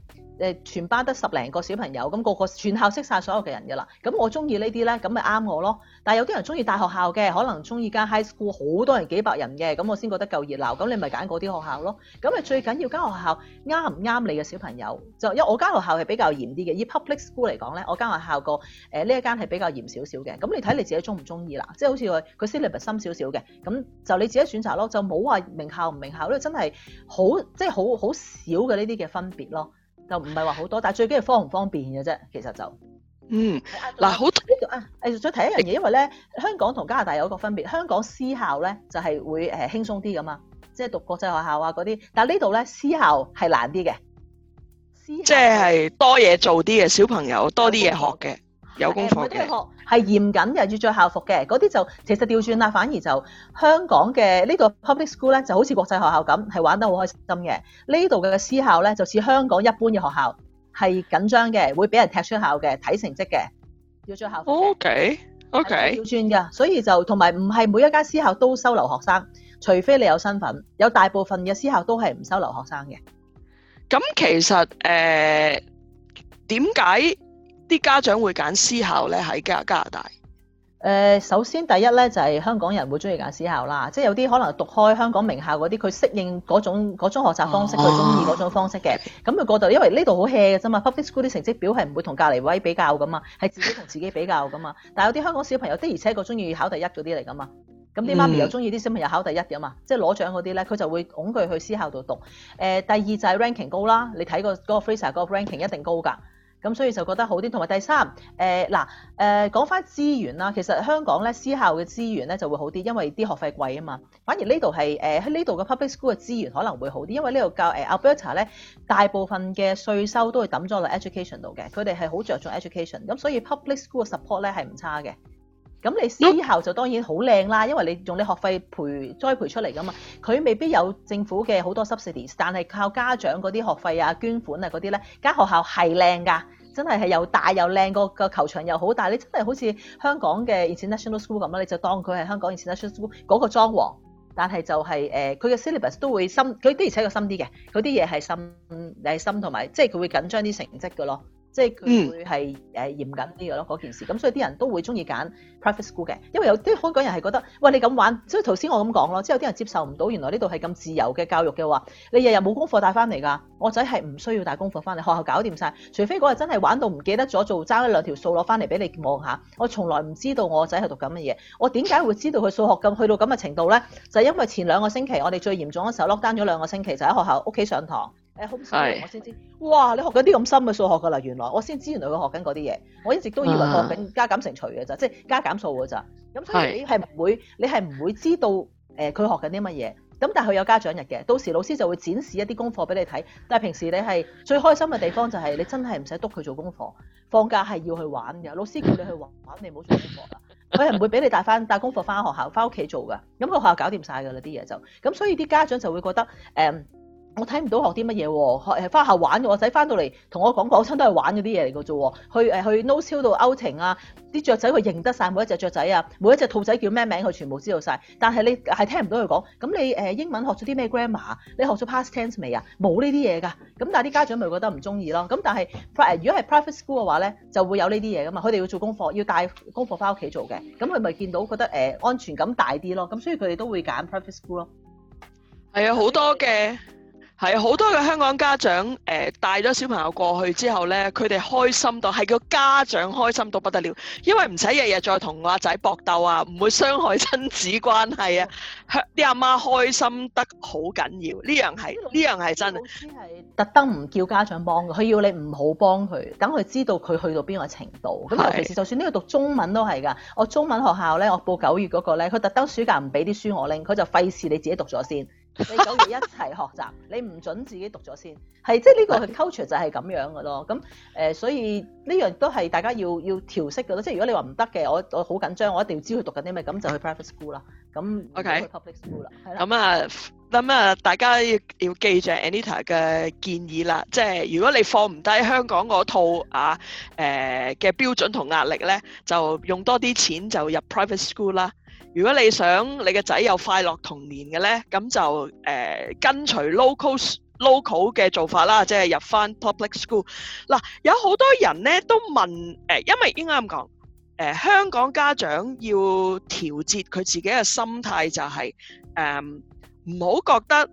全班得十零個小朋友，咁個個全校識晒所有嘅人噶啦。咁我中意呢啲咧，咁咪啱我咯。但係有啲人中意大學校嘅，可能中意間 high school 好多人幾百人嘅，咁我先覺得夠熱鬧。咁你咪揀嗰啲學校咯。咁啊最緊要間學校啱唔啱你嘅小朋友。就因為我間學校係比較嚴啲嘅，以 public school 嚟講咧，我間學校個呃、呢一間係比較嚴少少嘅。咁你睇你自己中唔中意啦。即係好似佢佢 slightly 深少少嘅。咁就你自己選擇咯。就冇話名校唔名校咧，真係好即係好好少嘅呢啲嘅分別咯。就唔係話好多，但最緊要方唔方便嘅啫。其實就，嗯，嗱，好，啊，誒，再提一樣嘢，因為咧，香港同加拿大有一個分別，香港私校咧，就係會誒輕鬆啲㗎嘛，即係讀國際學校啊嗰啲，但呢度咧私校係難啲嘅，即係多嘢做啲嘅小朋友多啲嘢學嘅。有功課嘅，係、嗯、嚴謹嘅，要着校服嘅。嗰啲就其實調轉啦，反而就香港嘅呢度 public school 咧，就好似國際學校咁，係玩得好開心嘅。呢度嘅私校咧，就似香港一般嘅學校，係緊張嘅，會俾人踢出校嘅，睇成績嘅，要着校服 O K，O K，調轉噶，所以就同埋唔係每一間私校都收留學生，除非你有身份。有大部分嘅私校都係唔收留學生嘅。咁其實誒點解？呃啲家長會揀私校咧喺加加拿大？誒、呃，首先第一咧就係、是、香港人會中意揀私校啦，即係有啲可能讀開香港名校嗰啲，佢適應嗰種嗰種學習方式，佢中意嗰種方式嘅。咁佢嗰度，因為呢度好 hea 嘅啫嘛，public school 啲成績表係唔會同隔離位比較噶嘛，係自己同自己比較噶嘛。 <laughs> 但係有啲香港小朋友的而且確中意考第一嗰啲嚟噶嘛，咁啲媽咪又中意啲小朋友考第一嘅嘛，嗯、即係攞獎嗰啲咧，佢就會恐佢去私校度讀。誒、呃，第二就係 ranking 高啦，你睇個嗰 Fraser 個 ranking 一定高噶。咁所以就覺得好啲，同埋第三，誒、呃、嗱，誒講翻資源啦，其實香港咧私校嘅資源咧就會好啲，因為啲學費貴啊嘛。反而呢度係誒喺呢度嘅 public school 嘅資源可能會好啲，因為呢度教誒 Alberta 咧大部分嘅稅收都係揼咗落 education 度嘅，佢哋係好着重 education，咁所以 public school 嘅 support 咧係唔差嘅。咁你私校就當然好靚啦，因為你用你學費培栽培出嚟噶嘛，佢未必有政府嘅好多 subsidies，但係靠家長嗰啲學費啊、捐款啊嗰啲咧，間學校係靚噶，真係係又大又靚，個個球場又好大。你真係好似香港嘅 international school 咁啦，你就當佢係香港 international school 嗰個裝潢，但係就係誒佢嘅 syllabus 都會深，佢的而且確深啲嘅，佢啲嘢係深，係深同埋即係佢會緊張啲成績噶咯。即係佢會係誒嚴謹啲嘅咯，嗰、嗯、件事。咁所以啲人都會中意揀 private school 嘅，因為有啲香港人係覺得，喂你咁玩。即係頭先我咁講咯，即係有啲人接受唔到，原來呢度係咁自由嘅教育嘅話，你日日冇功課帶翻嚟㗎，我仔係唔需要帶功課翻嚟，學校搞掂晒，除非嗰日真係玩到唔記得咗做，爭一兩條數攞翻嚟俾你望下。我從來唔知道我仔係讀緊乜嘢，我點解會知道佢數學咁去到咁嘅程度咧？就係、是、因為前兩個星期我哋最嚴重嘅時候 lock down 咗兩個星期，就喺學校屋企上堂。誒我先知。哇，你學緊啲咁深嘅數學㗎啦，原來我先知原來佢學緊嗰啲嘢。我一直都以為學緊加減乘除嘅咋，即係加減數㗎咋。咁所以你係唔會，你係唔會知道誒佢、呃、學緊啲乜嘢。咁但係佢有家長日嘅，到時老師就會展示一啲功課俾你睇。但係平時你係最開心嘅地方就係你真係唔使督佢做功課。放假係要去玩㗎，老師叫你去玩， <laughs> 你唔好做功課啦。佢係唔會俾你帶翻帶功課翻學,學校翻屋企做㗎。咁個學校搞掂晒㗎啦啲嘢就。咁所以啲家長就會覺得誒。嗯我睇唔到學啲乜嘢喎，誒翻校玩的，我仔翻到嚟同我講，講親都係玩嗰啲嘢嚟嘅啫，去誒、呃、去 Nose Hill 到 outing 啊，啲雀仔佢認得晒每一隻雀仔啊，每一隻兔仔叫咩名佢全部知道晒。但係你係聽唔到佢講，咁你誒、呃、英文學咗啲咩 grammar？你學咗 past tense 未啊？冇呢啲嘢㗎，咁但係啲家長咪覺得唔中意咯，咁但係如果係 private school 嘅話咧，就會有呢啲嘢㗎嘛，佢哋要做功課，要帶功課翻屋企做嘅，咁佢咪見到覺得誒、呃、安全感大啲咯，咁所以佢哋都會揀 private school 咯。係啊，好多嘅。係好多嘅香港家長誒、呃、帶咗小朋友過去之後咧，佢哋開心到係個家長開心到不得了，因為唔使日日再同阿仔搏鬥啊，唔會傷害親子關係啊，啲、嗯、阿媽，媽開心得好緊要，呢樣係呢、嗯、樣係真係。特登唔叫家長幫佢，佢要你唔好幫佢，等佢知道佢去到邊個程度。咁尤其是就算呢個讀中文都係㗎，我中文學校咧，我報九月嗰個咧，佢特登暑假唔俾啲書我拎，佢就費事你自己讀咗先。 <laughs> 你九月一齊學習，你唔準自己讀咗先，係即係、這、呢個 culture 就係咁樣嘅咯。咁誒、呃，所以呢樣都係大家要要調適嘅咯。即係如果你話唔得嘅，我我好緊張，我一定要知佢讀緊啲咩，咁就去 private school 啦。咁 OK，去 public school 啦。係、嗯、啦。咁、嗯、啊，咁、嗯、啊，大家要要記住 Anita 嘅建議啦。即係如果你放唔低香港嗰套啊誒嘅、呃、標準同壓力咧，就用多啲錢就入 private school 啦。如果你想你嘅仔有快樂童年嘅咧，咁就、呃、跟隨 local local 嘅做法啦，即係入翻 public school。嗱、啊，有好多人咧都問、呃、因為應該咁講、呃、香港家長要調節佢自己嘅心態、就係呃唔好呃，就係誒唔好覺得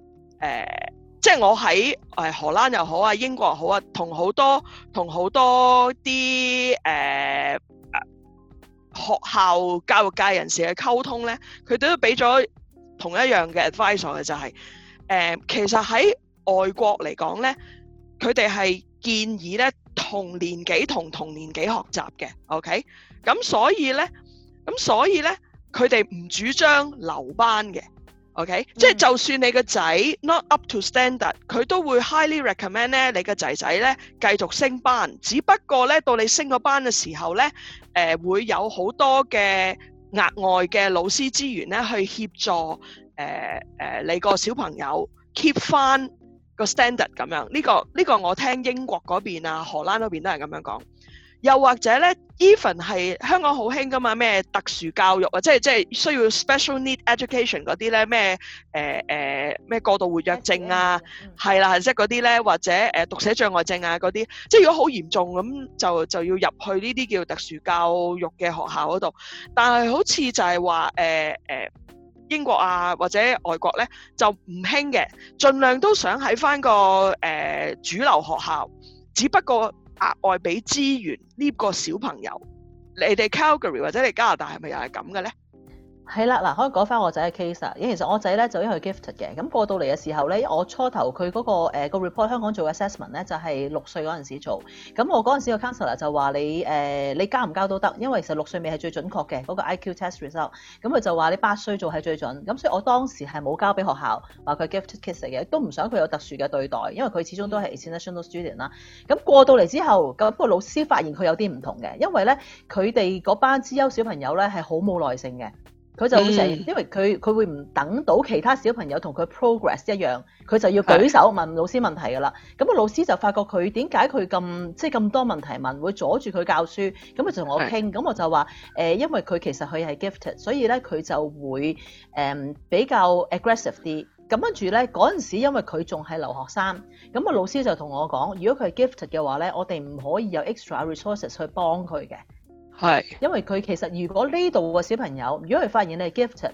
即係我喺、呃、荷蘭又好啊，英國又好啊，同好多同好多啲學校教育界人士嘅溝通呢，佢都俾咗同一樣嘅 advice 嘅就係、是，誒、呃、其實喺外國嚟講呢，佢哋係建議呢同年紀同同年紀學習嘅，OK，咁所以呢，咁所以呢，佢哋唔主張留班嘅，OK，即、嗯、係就算你個仔 not up to standard，佢都會 highly recommend 咧你個仔仔呢繼續升班，只不過呢，到你升個班嘅時候呢。誒、呃、會有好多嘅額外嘅老師資源咧，去協助、呃呃、你個小朋友 keep 返個 standard 咁樣。呢、呢個呢、呢個、我聽英國嗰邊啊、荷蘭嗰邊都係咁樣講。又或者咧，even 係香港好興噶嘛？咩特殊教育啊，即係即係需要 special need education 嗰啲咧，咩誒誒咩過度活躍症啊，係啦， <noise> 即係嗰啲咧，或者誒、呃、讀寫障礙症啊嗰啲，即係如果好嚴重咁，就就要入去呢啲叫特殊教育嘅學校嗰度。但係好似就係話誒誒英國啊或者外國咧，就唔興嘅，盡量都想喺翻個、呃、主流學校，只不過。額外俾資源呢個小朋友，你哋 Calgary 或者你加拿大係咪又係咁嘅咧？係 <music> 啦，嗱可以講翻我仔嘅 case 啊。因為其實我仔咧就因為 gifted 嘅，咁過到嚟嘅時候咧，我初頭佢嗰、那個 report，、呃、香港做 assessment 咧就係六歲嗰陣時做。咁我嗰陣時個 counselor 就話你誒、呃、你交唔交都得，因為其實六歲未係最準確嘅嗰、那個 IQ test result。咁佢就話你八歲做係最準。咁所以我當時係冇交俾學校話佢 gifted kids 嘅，都唔想佢有特殊嘅對待，因為佢始終都係 international student 啦。咁過到嚟之後，咁不過老師發現佢有啲唔同嘅，因為咧佢哋嗰班資優小朋友咧係好冇耐性嘅。佢就成，因為佢佢會唔等到其他小朋友同佢 progress 一樣，佢就要舉手問老師問題㗎啦。咁個 <music> 老師就發覺佢點解佢咁即係咁多問題問，會阻住佢教書。咁佢就同我傾，咁 <music> 我就話、呃、因為佢其實佢係 gifted，所以咧佢就會誒、呃、比較 aggressive 啲。咁跟住咧嗰陣時，因為佢仲係留學生，咁個老師就同我講，如果佢係 gifted 嘅話咧，我哋唔可以有 extra resources 去幫佢嘅。因為佢其實如果呢度嘅小朋友，如果佢發現你係 gifted，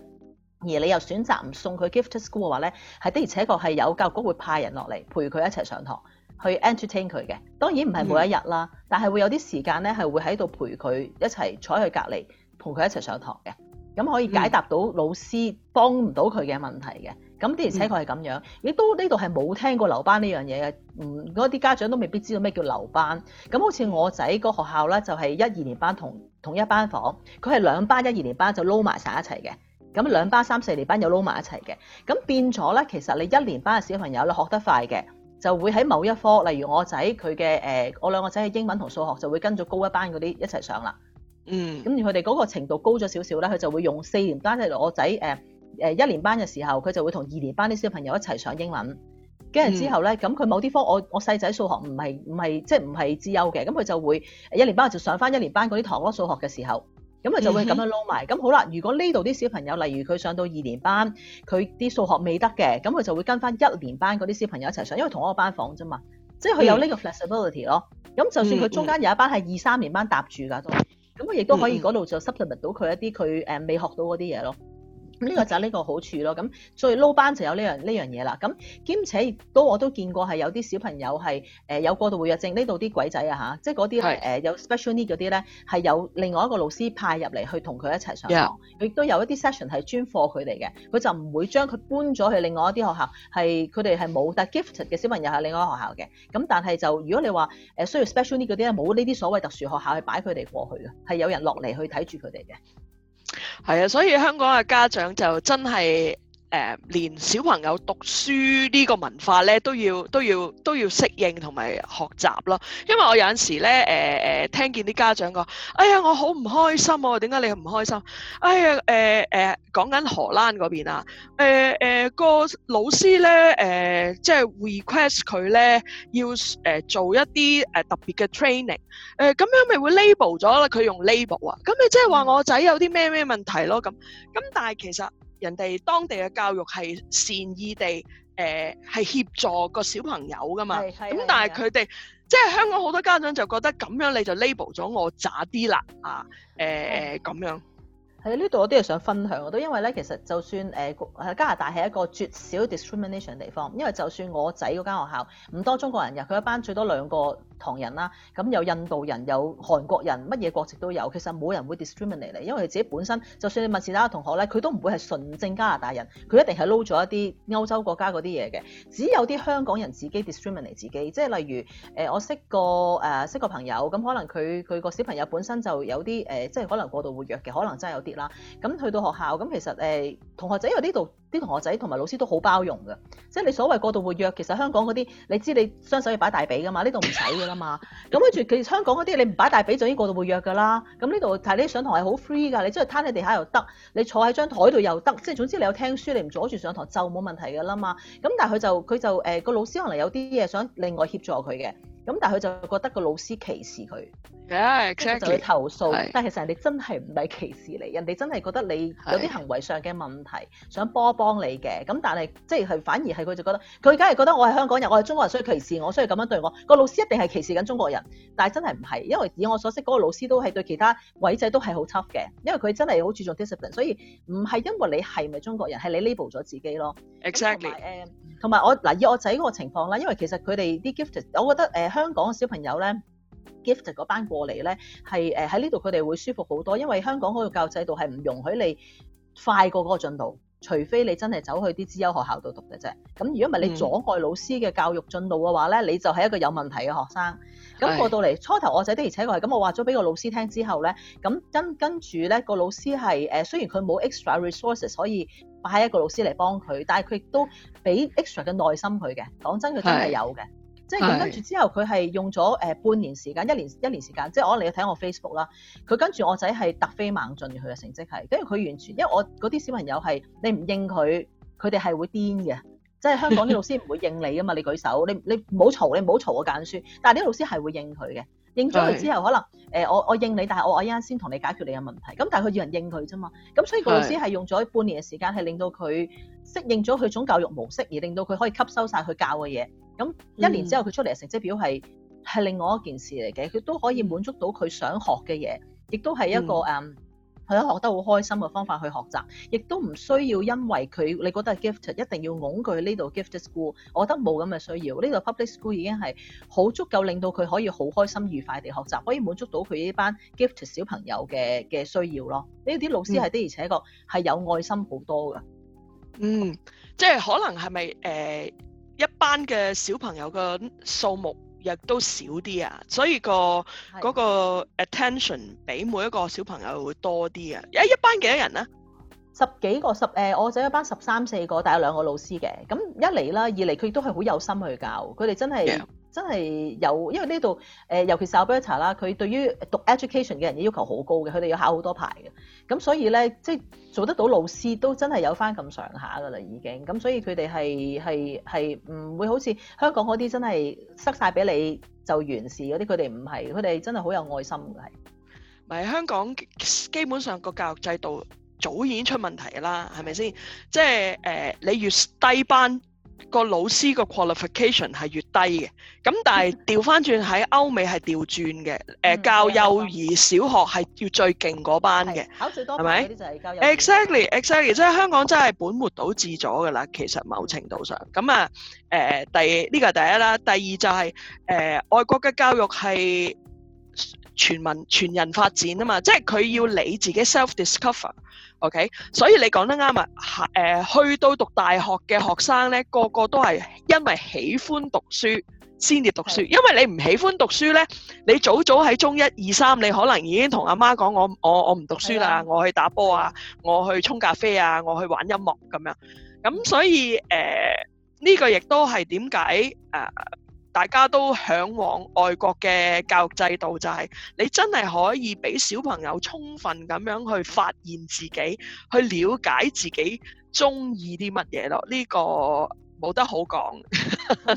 而你又選擇唔送佢 gifted school 嘅話呢，係的而且確係有教育局會派人落嚟陪佢一齊上堂，去 entertain 佢嘅。當然唔係每一日啦，嗯，但係會有啲時間呢係會喺度陪佢一齊坐喺佢隔離，陪佢一齊上堂嘅。咁可以解答到老師幫唔到佢嘅問題嘅。嗯。咁的而且確係咁樣，亦都呢度係冇聽過留班呢樣嘢嘅，嗯，嗰啲家長都未必知道咩叫留班。咁好似我仔個學校呢，就係一二年班同同一班房，佢係兩班一二年班就撈埋晒一齊嘅。咁兩班三四年班又撈埋一齊嘅。咁變咗呢，其實你一年班嘅小朋友咧學得快嘅，就會喺某一科，例如我仔佢嘅誒，我兩個仔嘅英文同數學就會跟咗高一班嗰啲一齊上啦。嗯。咁而佢哋嗰個程度高咗少少呢，佢就會用四年班，即我仔誒誒、呃、一年班嘅時候，佢就會同二年班啲小朋友一齊上英文。跟住之後咧，咁、嗯、佢某啲科，我我細仔數學唔係唔係即係唔係資優嘅，咁佢就會一年班就上翻一年班嗰啲堂咯。數學嘅時候，咁佢就會咁樣撈埋。咁、嗯、好啦，如果呢度啲小朋友，例如佢上到二年班，佢啲數學未得嘅，咁佢就會跟翻一年班嗰啲小朋友一齊上，因為同一個班房啫嘛。即係佢有呢個 flexibility 咯。咁就算佢中間有一班係二三年班搭住㗎都，咁佢亦都可以嗰度就 supplement 到佢一啲佢誒未學到嗰啲嘢咯。咁、這、呢個就係呢個好處咯。咁所以撈班就有呢樣呢樣嘢啦。咁、這、兼、個、且亦都我都見過係有啲小朋友係誒、呃、有過度活躍症呢度啲鬼仔啊嚇、啊，即係嗰啲誒有 special need 嗰啲咧係有另外一個老師派入嚟去同佢一齊上堂。亦都有一啲 session 係專課佢哋嘅，佢就唔會將佢搬咗去另外一啲學校，係佢哋係冇但 gifted 嘅小朋友係另外一個學校嘅。咁但係就如果你話誒需要 special need 嗰啲咧，冇呢啲所謂特殊學校去擺佢哋過去嘅，係有人落嚟去睇住佢哋嘅。係啊，所以香港嘅家長就真係。誒、呃、連小朋友讀書呢個文化咧，都要都要都要適應同埋學習咯。因為我有陣時咧，誒、呃、誒、呃、聽見啲家長講：哎呀，我好唔開心啊！點解你唔開心？哎呀，誒、呃、誒、呃、講緊荷蘭嗰邊啊，誒、呃、誒、呃、個老師咧，誒、呃、即係 request 佢咧要誒、呃、做一啲誒、呃、特別嘅 training。誒、呃、咁樣咪會 label 咗啦，佢用 label 啊，咁咪即係話我仔有啲咩咩問題咯？咁咁但係其實。人哋當地嘅教育係善意地，誒、呃、係協助個小朋友噶嘛，咁但係佢哋即係香港好多家長就覺得咁樣你就 label 咗我渣啲啦啊，誒、呃、咁樣。係呢度我都係想分享，我都因為咧，其實就算誒、呃、加拿大係一個絕少 discrimination 嘅地方，因為就算我仔嗰間學校唔多中國人入，佢一班最多兩個唐人啦，咁有印度人，有韓國人，乜嘢國籍都有，其實冇人會 discriminate 嚟，因為佢自己本身就算你問其他同學咧，佢都唔會係純正加拿大人，佢一定係撈咗一啲歐洲國家嗰啲嘢嘅，只有啲香港人自己 discriminate 自己，即係例如、呃、我識個誒、呃、識個朋友，咁可能佢佢個小朋友本身就有啲誒、呃，即係可能過度活躍嘅，可能真係有啲。啦，咁去到學校，咁其實誒同學仔，因為呢度啲同學仔同埋老師都好包容嘅，即係你所謂過度活躍，其實香港嗰啲你知你雙手要擺大髀噶嘛，呢度唔使噶啦嘛。咁跟住其實香港嗰啲你唔擺大髀就已經過度活躍噶啦。咁呢度但係你上堂係好 free 㗎，你即係攤喺地下又得，你坐喺張台度又得，即係總之你有聽書，你唔阻住上堂就冇問題㗎啦嘛。咁但係佢就佢就誒個、呃、老師可能有啲嘢想另外協助佢嘅。咁但係佢就覺得個老師歧視佢，咁、yeah, exactly, 就去投訴。是但係其實人哋真係唔係歧視你，人哋真係覺得你有啲行為上嘅問題，想幫幫你嘅。咁但係即係反而係佢就覺得，佢梗係覺得我係香港人，我係中國人，所以歧視我，所以咁樣對我。個老師一定係歧視緊中國人，但係真係唔係，因為以我所識嗰、個老師都係對其他位仔都係好 tough 嘅，因為佢真係好注重 discipline。所以唔係因為你係咪中國人，係你 label 咗自己咯。Exactly。同、呃、埋我嗱以我仔嗰個情況啦，因為其實佢哋啲 gifted 我覺得誒。呃香港嘅小朋友咧，gift 嗰班過嚟咧，係誒喺呢度佢哋會舒服好多，因為香港嗰個教育制度係唔容許你快過嗰個進度，除非你真係走去啲資優學校度讀嘅啫。咁如果唔係，你阻礙老師嘅教育進度嘅話咧，你就係一個有問題嘅學生。咁過到嚟初頭我，我仔的而且確係咁，我話咗俾個老師聽之後咧，咁跟跟住咧、個老師係誒雖然佢冇 extra resources 可以派一個老師嚟幫佢，但係佢亦都俾 extra 嘅耐心佢嘅。講真，佢真係有嘅。即係跟住之後他，佢係用咗誒半年時間，一年一年時間。即係我嚟睇我 Facebook 啦，佢跟住我仔係突飛猛進，佢嘅成績係跟住佢完全，因為我嗰啲小朋友係你唔應佢，佢哋係會癲嘅。即係香港啲老師唔會應你噶嘛， <laughs> 你舉手，你你唔好嘈，你唔好嘈我揀書，但係啲老師係會應佢嘅。應咗佢之後，可能誒、欸、我我應你，但係我我一陣先同你解決你嘅問題。咁但係佢要人應佢啫嘛。咁所以個老師係用咗半年嘅時間，係令到佢適應咗佢種教育模式，而令到佢可以吸收晒佢教嘅嘢。咁一年之後佢出嚟嘅成績表係係、嗯、另外一件事嚟嘅，佢都可以滿足到佢想學嘅嘢，亦都係一個誒。嗯佢都學得好開心嘅方法去學習，亦都唔需要因為佢你覺得係 gifted 一定要擁佢呢度 gifted school。我覺得冇咁嘅需要，呢個 public school 已經係好足夠令到佢可以好開心愉快地學習，可以滿足到佢呢班 gifted 小朋友嘅嘅需要咯。呢啲老師係的而且確係有愛心好多嘅。嗯，即係可能係咪誒一班嘅小朋友嘅數目？亦都少啲啊，所以、個嗰個 attention 比每一個小朋友會多啲啊！一一班幾多人咧？十幾個十誒、呃，我仔一班十三四個，但有兩個老師嘅。咁一嚟啦，二嚟佢亦都係好有心去教，佢哋真係。Yeah. 真係有，因為呢度誒，尤其係 Alberta 啦，佢對於讀 education 嘅人要求好高嘅，佢哋要考好多牌嘅。咁所以咧，即係做得到老師都真係有翻咁上下嘅啦，已經。咁所以佢哋係係係唔會好似香港嗰啲真係塞晒俾你就完事嗰啲，佢哋唔係，佢哋真係好有愛心嘅係。咪香港基本上個教育制度早已經出問題啦，係咪先？即係誒、呃，你越低班。個老師個 qualification 係越低嘅，咁但係調翻轉喺歐美係調轉嘅，誒、呃嗯、教幼兒小學係要最勁嗰班嘅，考最多係咪？Exactly，exactly、嗯、即係香港真係本末倒置咗㗎喇，其實某程度上，咁啊誒、呃、第呢個係第一啦，第二就係、是、誒、呃、外國嘅教育係。全民全人發展啊嘛，即係佢要你自己 self discover，OK，、okay? 所以你講得啱啊，誒，去到讀大學嘅學生咧，個個都係因為喜歡讀書先至讀書，因為你唔喜歡讀書咧，你早早喺中一二三，你可能已經同阿媽講我我我唔讀書啦，我去打波啊，我去沖咖啡啊，我去玩音樂咁樣，咁所以誒呢、呃這個亦都係點解誒？呃大家都嚮往外國嘅教育制度，就係你真係可以俾小朋友充分咁樣去發現自己，去了解自己中意啲乜嘢咯。呢個冇得好講，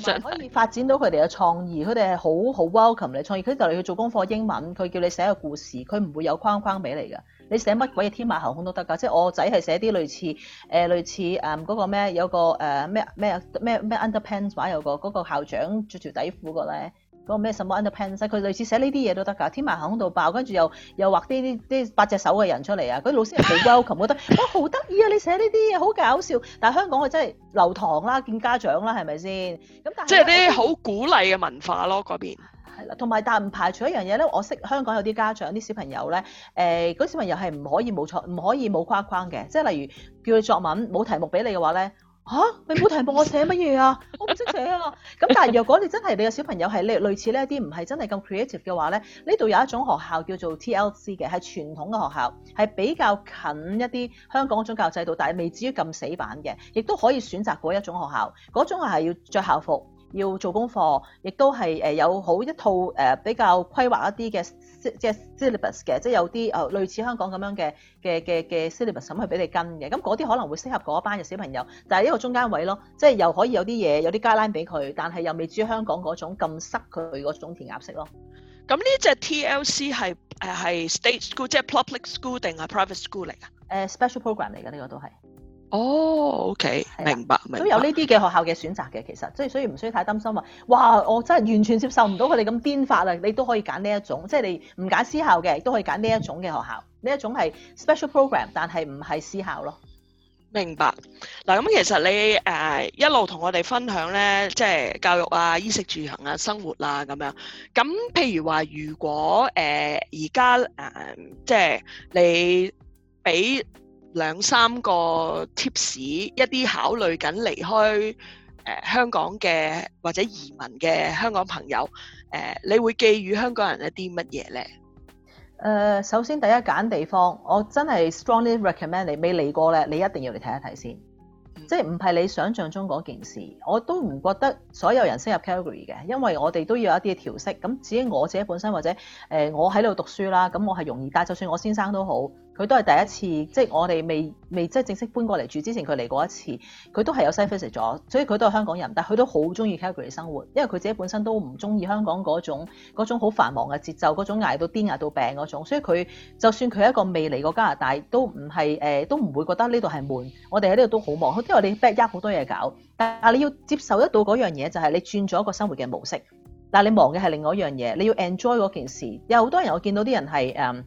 仲可以發展到佢哋嘅創意，佢哋係好好 welcome 你創意。佢就嚟要做功課英文，佢叫你寫個故事，佢唔會有框框俾你嘅。你寫乜鬼嘢天馬行空都得噶，即係我仔係寫啲類似誒、呃、類似嗰、嗯那個咩有個誒咩咩咩 underpants 話有個嗰個校長着條底褲、那個咧，嗰個咩什麼 underpants 佢類似寫呢啲嘢都得噶，天馬行空到爆，跟住又又畫啲啲八隻手嘅人出嚟啊！啲老師係好幽琴，我、哦、覺得：「哇好得意啊！你寫呢啲嘢好搞笑，但香港佢真係留堂啦，見家長啦，係咪先？咁但係即係啲好鼓勵嘅文化咯，嗰邊。啦，同埋但唔排除一樣嘢咧，我識香港有啲家長，啲小朋友咧，嗰、呃、啲小朋友係唔可以冇錯，唔可以冇框框嘅，即係例如叫佢作文冇題目俾你嘅話咧，啊，你冇題目我寫乜嘢啊？我唔識寫啊！咁 <laughs> 但係若果你真係你嘅小朋友係咧類，類似呢一啲唔係真係咁 creative 嘅話咧，呢度有一種學校叫做 TLC 嘅，係傳統嘅學校，係比較近一啲香港嗰種教育制度，但係未至於咁死板嘅，亦都可以選擇嗰一種學校，嗰種係要着校服。要做功課，亦都係誒有好一套誒比較規劃一啲嘅即係 syllabus 嘅，即係有啲誒類似香港咁樣嘅嘅嘅嘅 syllabus 咁去俾你跟嘅。咁嗰啲可能會適合嗰班嘅小朋友，但係呢個中間位咯，即係又可以有啲嘢有啲 guideline 俾佢，但係又未至於香港嗰種咁塞佢嗰種填鴨式咯。咁呢隻 TLC 係誒係 state school，即係 public school 定係 private school 嚟啊？誒 special program 嚟嘅呢個都係。哦、oh，OK，明白，明白。都有呢啲嘅學校嘅選擇嘅，其實即係所以唔需要太擔心話，哇！我真係完全接受唔到佢哋咁顛法啊。你都可以揀呢一種，即係你唔揀私校嘅，都可以揀呢一種嘅學校。呢一種係 special program，但係唔係私校咯。明白。嗱，咁其實你誒、呃、一路同我哋分享咧，即係教育啊、衣食住行啊、生活啊咁樣。咁譬如話，如果誒而家誒即係你俾兩三個 tips，一啲考慮緊離開、呃、香港嘅或者移民嘅香港朋友、呃，你會寄予香港人一啲乜嘢咧？呃，首先第一揀地方，我真係 strongly recommend 你未嚟過咧，你一定要嚟睇一睇先，嗯、即係唔係你想象中嗰件事，我都唔覺得所有人適合 Calgary 嘅，因為我哋都要有一啲調適。咁至於我自己本身或者我喺度讀書啦，咁我係容易帶，但就算我先生都好。佢都係第一次，即係我哋未未即係正式搬過嚟住之前，佢嚟過一次。佢都係有西方式咗，所以佢都係香港人，但係佢都好中意 Calgary 生活，因為佢自己本身都唔中意香港嗰種嗰種好繁忙嘅節奏，嗰種捱到癲捱到病嗰種。所以佢就算佢一個未嚟過加拿大，都唔係、呃、都唔會覺得呢度係悶。我哋喺呢度都好忙，因為我哋 back 好多嘢搞。但係你要接受得到嗰樣嘢，就係、是、你轉咗一個生活嘅模式。但係你忙嘅係另外一樣嘢，你要 enjoy 嗰件事。有好多人我見到啲人係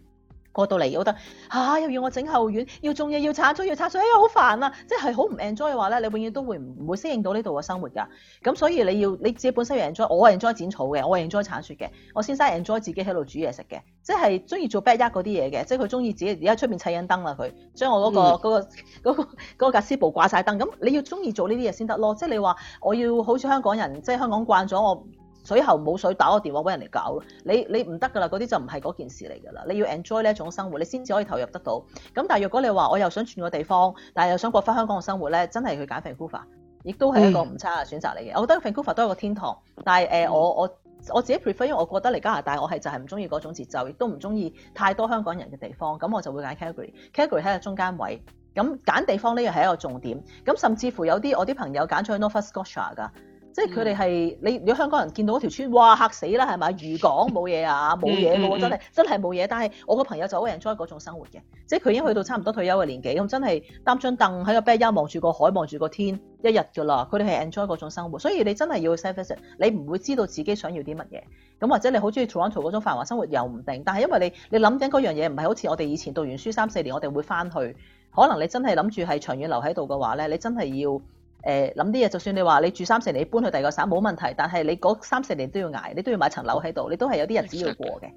過到嚟我都嚇、啊、又要我整後院，要種嘢要插草要拆，樹，哎呀好煩啊！即係好唔 enjoy 嘅話咧，你永遠都會唔會適應到呢度嘅生活㗎。咁所以你要你自己本身 enjoy，我係 enjoy 剪草嘅，我係 enjoy 鏟雪嘅，我先生 enjoy 自己喺度煮嘢食嘅，即係中意做 bad 嘢嗰啲嘢嘅，即係佢中意自己而家出面砌緊燈啦，佢將我嗰、嗰個嗰、嗯嗰個嗰、嗰個嗰、嗰個架布、嗰個、掛晒燈，咁你要中意做呢啲嘢先得咯。即係你話我要好似香港人，即係香港慣咗我。水喉冇水，打我電話揾人嚟搞，你你唔得噶啦，嗰啲就唔係嗰件事嚟噶啦。你要 enjoy 呢一種生活，你先至可以投入得到。咁但係若果你話我又想轉個地方，但係又想過翻香港嘅生活咧，真係去揀 Vancouver，亦都係一個唔差嘅選擇嚟嘅。我覺得 Vancouver 都係個天堂，但係誒、嗯、我我我自己 prefer，因為我覺得嚟加拿大我係就係唔中意嗰種節奏，亦都唔中意太多香港人嘅地方。咁我就會揀 Calgary，Calgary 喺個中間位。咁揀地方呢樣係一個重點。咁甚至乎有啲我啲朋友揀咗去 Nova Scotia 噶。即係佢哋係你，如果香港人見到嗰條村，哇嚇死啦係咪？漁港冇嘢啊，冇嘢喎，真係真係冇嘢。但係我個朋友就好 enjoy 嗰種生活嘅，即係佢已經去到差唔多退休嘅年紀，咁真係擔張凳喺個啤休望住個海，望住個天一日㗎啦。佢哋係 enjoy 嗰種生活，所以你真係要 surface it，你唔會知道自己想要啲乜嘢。咁或者你好中意 Toronto 嗰種繁華生活又唔定，但係因為你你諗緊嗰樣嘢唔係好似我哋以前讀完書三四年，我哋會翻去，可能你真係諗住係長遠留喺度嘅話咧，你真係要。誒諗啲嘢，就算你話你住三四年，搬去第二個省冇問題，但係你嗰三四年都要捱，你都要買層樓喺度，你都係有啲日子要過嘅。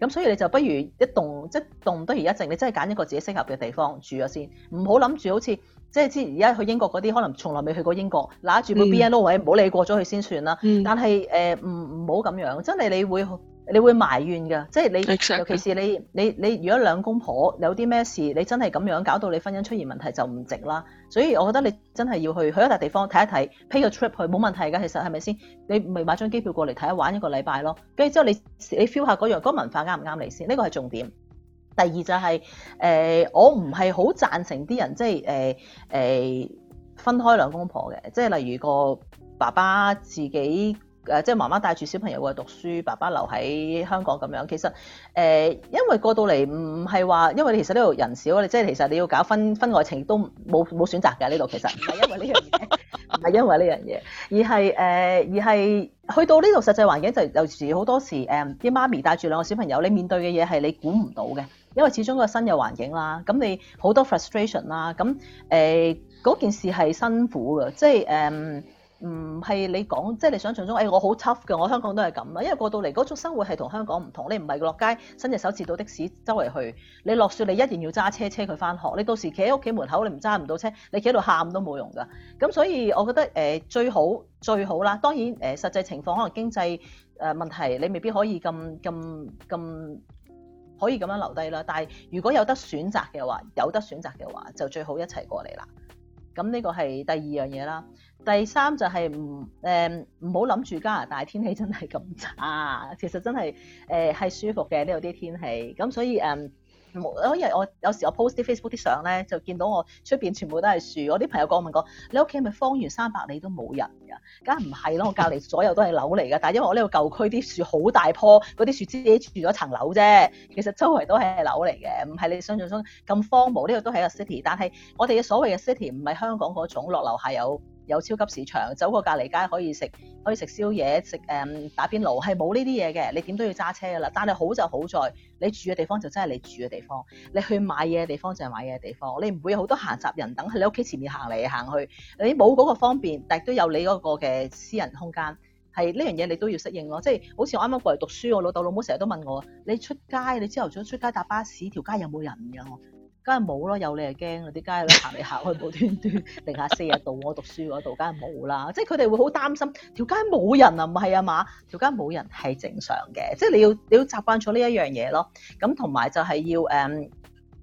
咁、right. 所以你就不如一動即係動不如一靜，你真係揀一個自己適合嘅地方住咗先，唔好諗住好似即係之前而家去英國嗰啲，可能從來未去過英國，拿住個 BNO 位唔好、mm. 理你過咗去先算啦。Mm. 但係誒唔唔好咁樣，真係你會。你會埋怨嘅，即係你，exactly. 尤其是你，你你，你如果兩公婆有啲咩事，你真係咁樣搞到你婚姻出現問題就唔值啦。所以我覺得你真係要去去一笪地方睇一睇，pay 個 trip 去冇問題嘅，其實係咪先？你咪買張機票過嚟睇一玩一個禮拜咯。跟住之後你你 feel 下嗰樣嗰個文化啱唔啱你先，呢個係重點。第二就係誒，我唔係好贊成啲人即係誒誒分開兩公婆嘅，即係例如個爸爸自己，誒即係媽媽帶住小朋友去讀書，爸爸留喺香港咁樣。其實誒、呃，因為過到嚟唔係話，因為其實呢度人少，你即係其實你要搞婚婚外情都冇冇選擇㗎。呢度其實唔係因為呢樣嘢，唔 <laughs> 係因為呢樣嘢，而係誒、呃，而係去到呢度實際環境就尤其好多時誒啲、嗯、媽咪帶住兩個小朋友，你面對嘅嘢係你估唔到嘅，因為始終個新嘅環境啦，咁你好多 frustration 啦，咁誒嗰件事係辛苦嘅，即係誒。嗯唔係你講，即係你想象中，誒我好 tough 嘅，我香港都係咁啦。因為過到嚟嗰種生活係同香港唔同，你唔係落街伸隻手指到的士周圍去，你落雪你一定要揸車車佢返學，你到時企喺屋企門口你唔揸唔到車，你企喺度喊都冇用㗎。咁所以我覺得誒最好最好啦，當然誒實際情況可能經濟誒問題，你未必可以咁咁咁可以咁樣留低啦。但係如果有得選擇嘅話，有得選擇嘅話就最好一齊過嚟啦。咁呢個係第二樣嘢啦。第三就係唔誒唔好諗住加拿大天氣真係咁差，其實真係誒係舒服嘅呢度啲天氣。咁所以誒，嗰日我有時我 post 啲 Facebook 啲相咧，就見到我出邊全部都係樹。我啲朋友講問講：你屋企係咪方圓三百里都冇人㗎？梗係唔係咯？我隔離左右都係樓嚟㗎。 <laughs> 但係因為我呢度舊區啲樹好大棵，嗰啲樹枝遮住咗層樓啫。其實周圍都係樓嚟嘅，唔係你想像中咁荒蕪。呢度都係一個 city，但係我哋嘅所謂嘅 city 唔係香港嗰種落樓下有。有超級市場，走過隔離街可以食，可以食宵夜，食誒、嗯、打邊爐，係冇呢啲嘢嘅。你點都要揸車噶啦。但係好就好在，你住嘅地方就真係你住嘅地方，你去買嘢嘅地方就係買嘢嘅地方。你唔會有好多閒雜人等喺你屋企前面行嚟行去。你冇嗰個方便，但係都有你嗰個嘅私人空間。係呢樣嘢你都要適應咯。即係好似我啱啱過嚟讀書，我老豆老母成日都問我：你出街，你朝頭早出街搭巴士，條街有冇人呀？梗係冇咯，有你就驚咯，啲街行嚟行去，無端端零下四十度，我讀書嗰度，梗係冇啦。即係佢哋會好擔心條街冇人啊，唔係啊嘛？條街冇人係正常嘅，即係你要你要習慣咗呢一樣嘢咯。咁同埋就係要誒、嗯、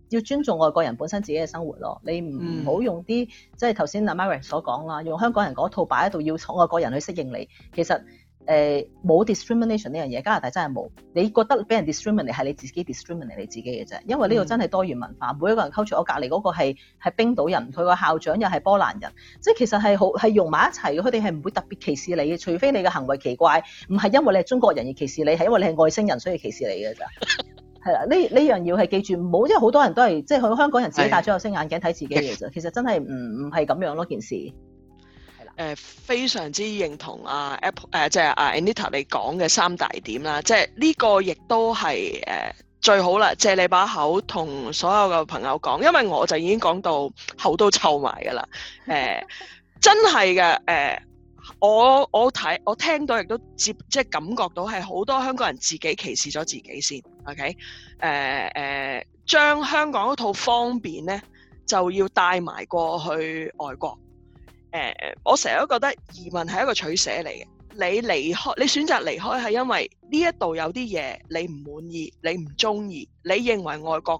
要尊重外國人本身自己嘅生活咯，你唔好用啲、嗯、即係頭先阿 Mary 所講啦，用香港人嗰套擺喺度，要外國人去適應你，其實。誒、呃、冇 discrimination 呢樣嘢，加拿大真係冇。你覺得俾人 discriminate 係你自己 discriminate 你自己嘅啫。因為呢度真係多元文化，嗯、每一個人溝住我隔離嗰個係係冰島人，佢個校長又係波蘭人，即係其實係好係融埋一齊。佢哋係唔會特別歧視你嘅，除非你嘅行為奇怪。唔係因為你係中國人而歧視你，係因為你係外星人所以歧視你嘅啫。係 <laughs> 啦，呢呢樣要係記住，唔好，因為好多人都係即係佢香港人自己戴咗有色眼鏡睇自己嘅啫。其實真係唔唔係咁樣咯，件事。誒、呃、非常之認同啊 Apple 誒，即係啊，啊、就是、啊 Anita 你講嘅三大點啦，即係呢個亦都係誒最好啦，借你把口同所有嘅朋友講，因為我就已經講到口都臭埋㗎啦。誒、呃、 <laughs> 真係㗎誒，我我睇我聽到亦都接即係、就是、感覺到係好多香港人自己歧視咗自己先。OK 誒、呃、誒、呃，將香港嗰套方便咧就要帶埋過去外國。呃，我成日都覺得移民係一個取捨嚟嘅。你離開，你選擇離開係因為呢一度有啲嘢你唔滿意，你唔中意，你認為外國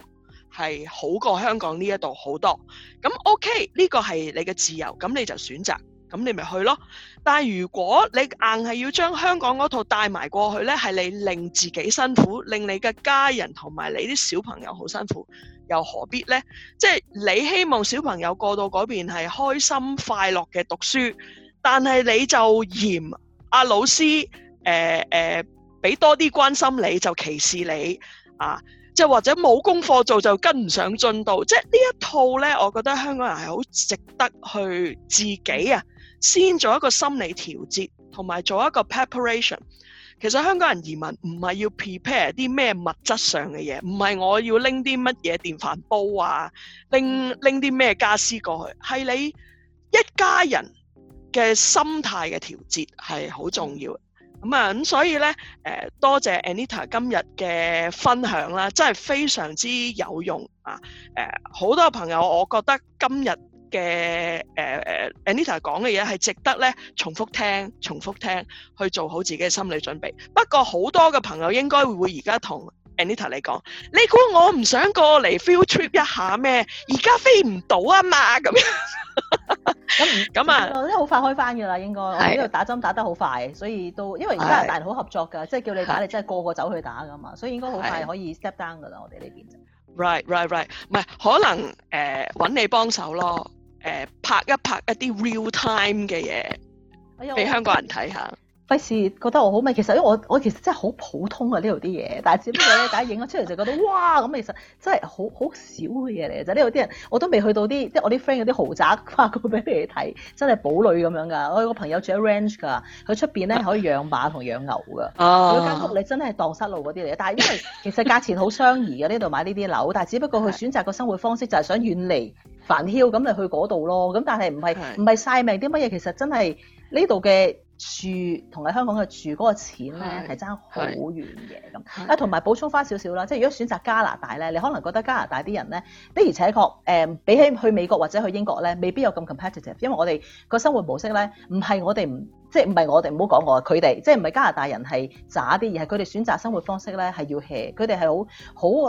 係好過香港呢一度好多。咁 OK，呢個係你嘅自由，咁你就選擇，咁你咪去咯。但係如果你硬係要將香港嗰套帶埋過去，呢係你令自己辛苦，令你嘅家人同埋你啲小朋友好辛苦。又何必呢？即係你希望小朋友過到嗰邊係開心快樂嘅讀書，但係你就嫌阿、啊、老師誒誒俾多啲關心，你就歧視你啊，即係或者冇功課做就跟唔上進度，即係呢一套呢，我覺得香港人係好值得去自己啊，先做一個心理調節，同埋做一個 preparation。其實香港人移民唔係要 prepare 啲咩物質上嘅嘢，唔係我要拎啲乜嘢電飯煲啊，拎拎啲咩家俬過去，係你一家人嘅心態嘅調節係好重要的。咁啊，咁所以咧，誒、呃、多謝 Anita 今日嘅分享啦，真係非常之有用啊！誒好多朋友，我覺得今日，嘅誒誒 Anita 講嘅嘢係值得咧重複聽重複聽去做好自己嘅心理準備。不過好多嘅朋友應該會會而家同 Anita 講 <laughs> 你講，你估我唔想過嚟 field trip 一下咩？而家飛唔到啊嘛咁樣。咁唔咁啊，都好快開返㗎啦，應該,應該我喺度打針打得好快，所以都因為加拿大好合作㗎，即係叫你打你真係個個走去打㗎嘛，所以應該好快可以 step down 㗎啦，我哋呢邊就。Right right right，唔 <laughs> 係可能誒搵、呃、你幫手咯。誒拍一拍一啲 real time 嘅嘢俾香港人睇下，費事覺得我好咩？其實因為我我，我，我其實真係好普通啊呢度啲嘢，但係只不過咧， <laughs> 大家影咗出嚟就覺得哇！咁其實真係好好少嘅嘢嚟，就呢度啲人我都未去到啲，即係我啲 friend 嗰啲豪宅發過俾你睇，真係堡壘咁樣噶。我有個朋友住喺 ranch 噶，佢出邊咧可以養馬同養牛噶。哦，間屋你真係蕩失路嗰啲嚟，但係因為其實價錢好相宜嘅呢度買呢啲樓，但係只不過佢選擇個生活方式 <laughs> 就係想遠離煩囂咁咪去嗰度咯，咁但係唔係唔係晒命啲乜嘢，其實真係呢度嘅住同埋香港嘅住嗰個錢咧係爭好遠嘅。咁，啊同埋補充翻少少啦，即係如果選擇加拿大咧，你可能覺得加拿大啲人咧，的而且確、呃、比起去美國或者去英國咧，未必有咁 competitive，因為我哋個生活模式咧唔係我哋唔。即係唔係我哋唔好講我，佢哋即係唔係加拿大人係渣啲，而係佢哋選擇生活方式咧係要 hea，佢哋係好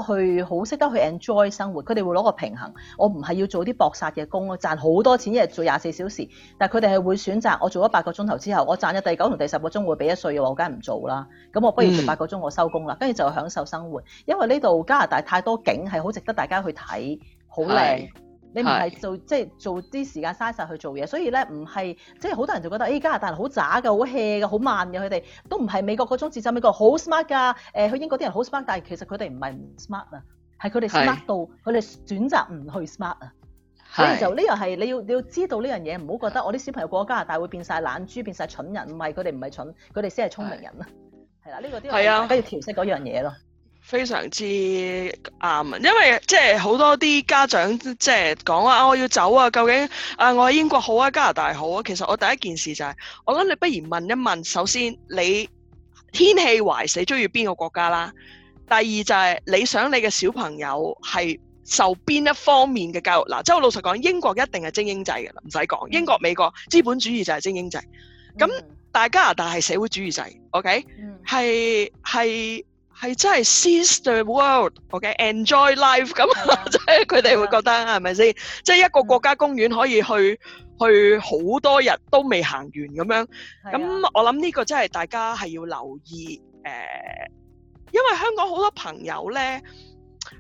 好去好識得去 enjoy 生活，佢哋會攞個平衡。我唔係要做啲搏殺嘅工，賺好多錢一日做廿四小時，但係佢哋係會選擇我做咗八個鐘頭之後，我賺咗第九同第十個鐘會俾一稅我，我梗係唔做啦。咁我不如做八個鐘我收工啦，跟、嗯、住就享受生活。因為呢度加拿大太多景係好值得大家去睇，好靚。你唔係做即係做啲時間嘥晒去做嘢。所以咧唔係即係好多人就覺得，誒、哎、加拿大人好渣㗎，好 hea 㗎，好慢㗎，佢哋都唔係美國嗰種置身美國好 smart 㗎。誒、呃、去英國啲人好 smart，但係其實佢哋唔係唔 smart 啊，係佢哋 smart 到佢哋選擇唔去 smart 啊。係，所以就呢個係你要你要知道呢樣嘢，唔好覺得我啲小朋友過加拿大會變晒懶豬變晒蠢人，唔係佢哋唔係蠢，佢哋先係聰明人、這個、啊。係啦，呢個啲，跟住調適嗰樣嘢咯。非常之啱，um, 因為即係好多啲家長即係講啊，我要走啊！究竟啊、呃，我喺英國好啊，加拿大好啊？其實我第一件事就係、是，我諗你不如問一問，首先你天氣壞死，中意邊個國家啦？第二就係、是、你想你嘅小朋友係受邊一方面嘅教育？嗱、啊，即係我老實講，英國一定係精英制嘅啦，唔使講，英國、美國資本主義就係精英制。咁、嗯、但係加拿大係社會主義制，OK？係、嗯、係。是是係真係 seize the world，OK，enjoy、okay? life 咁、啊，即係佢哋會覺得係咪先？即係、啊就是、一個國家公園可以去去好多日都未行完咁樣。咁、啊、我諗呢個真係大家係要留意誒、呃，因為香港好多朋友咧，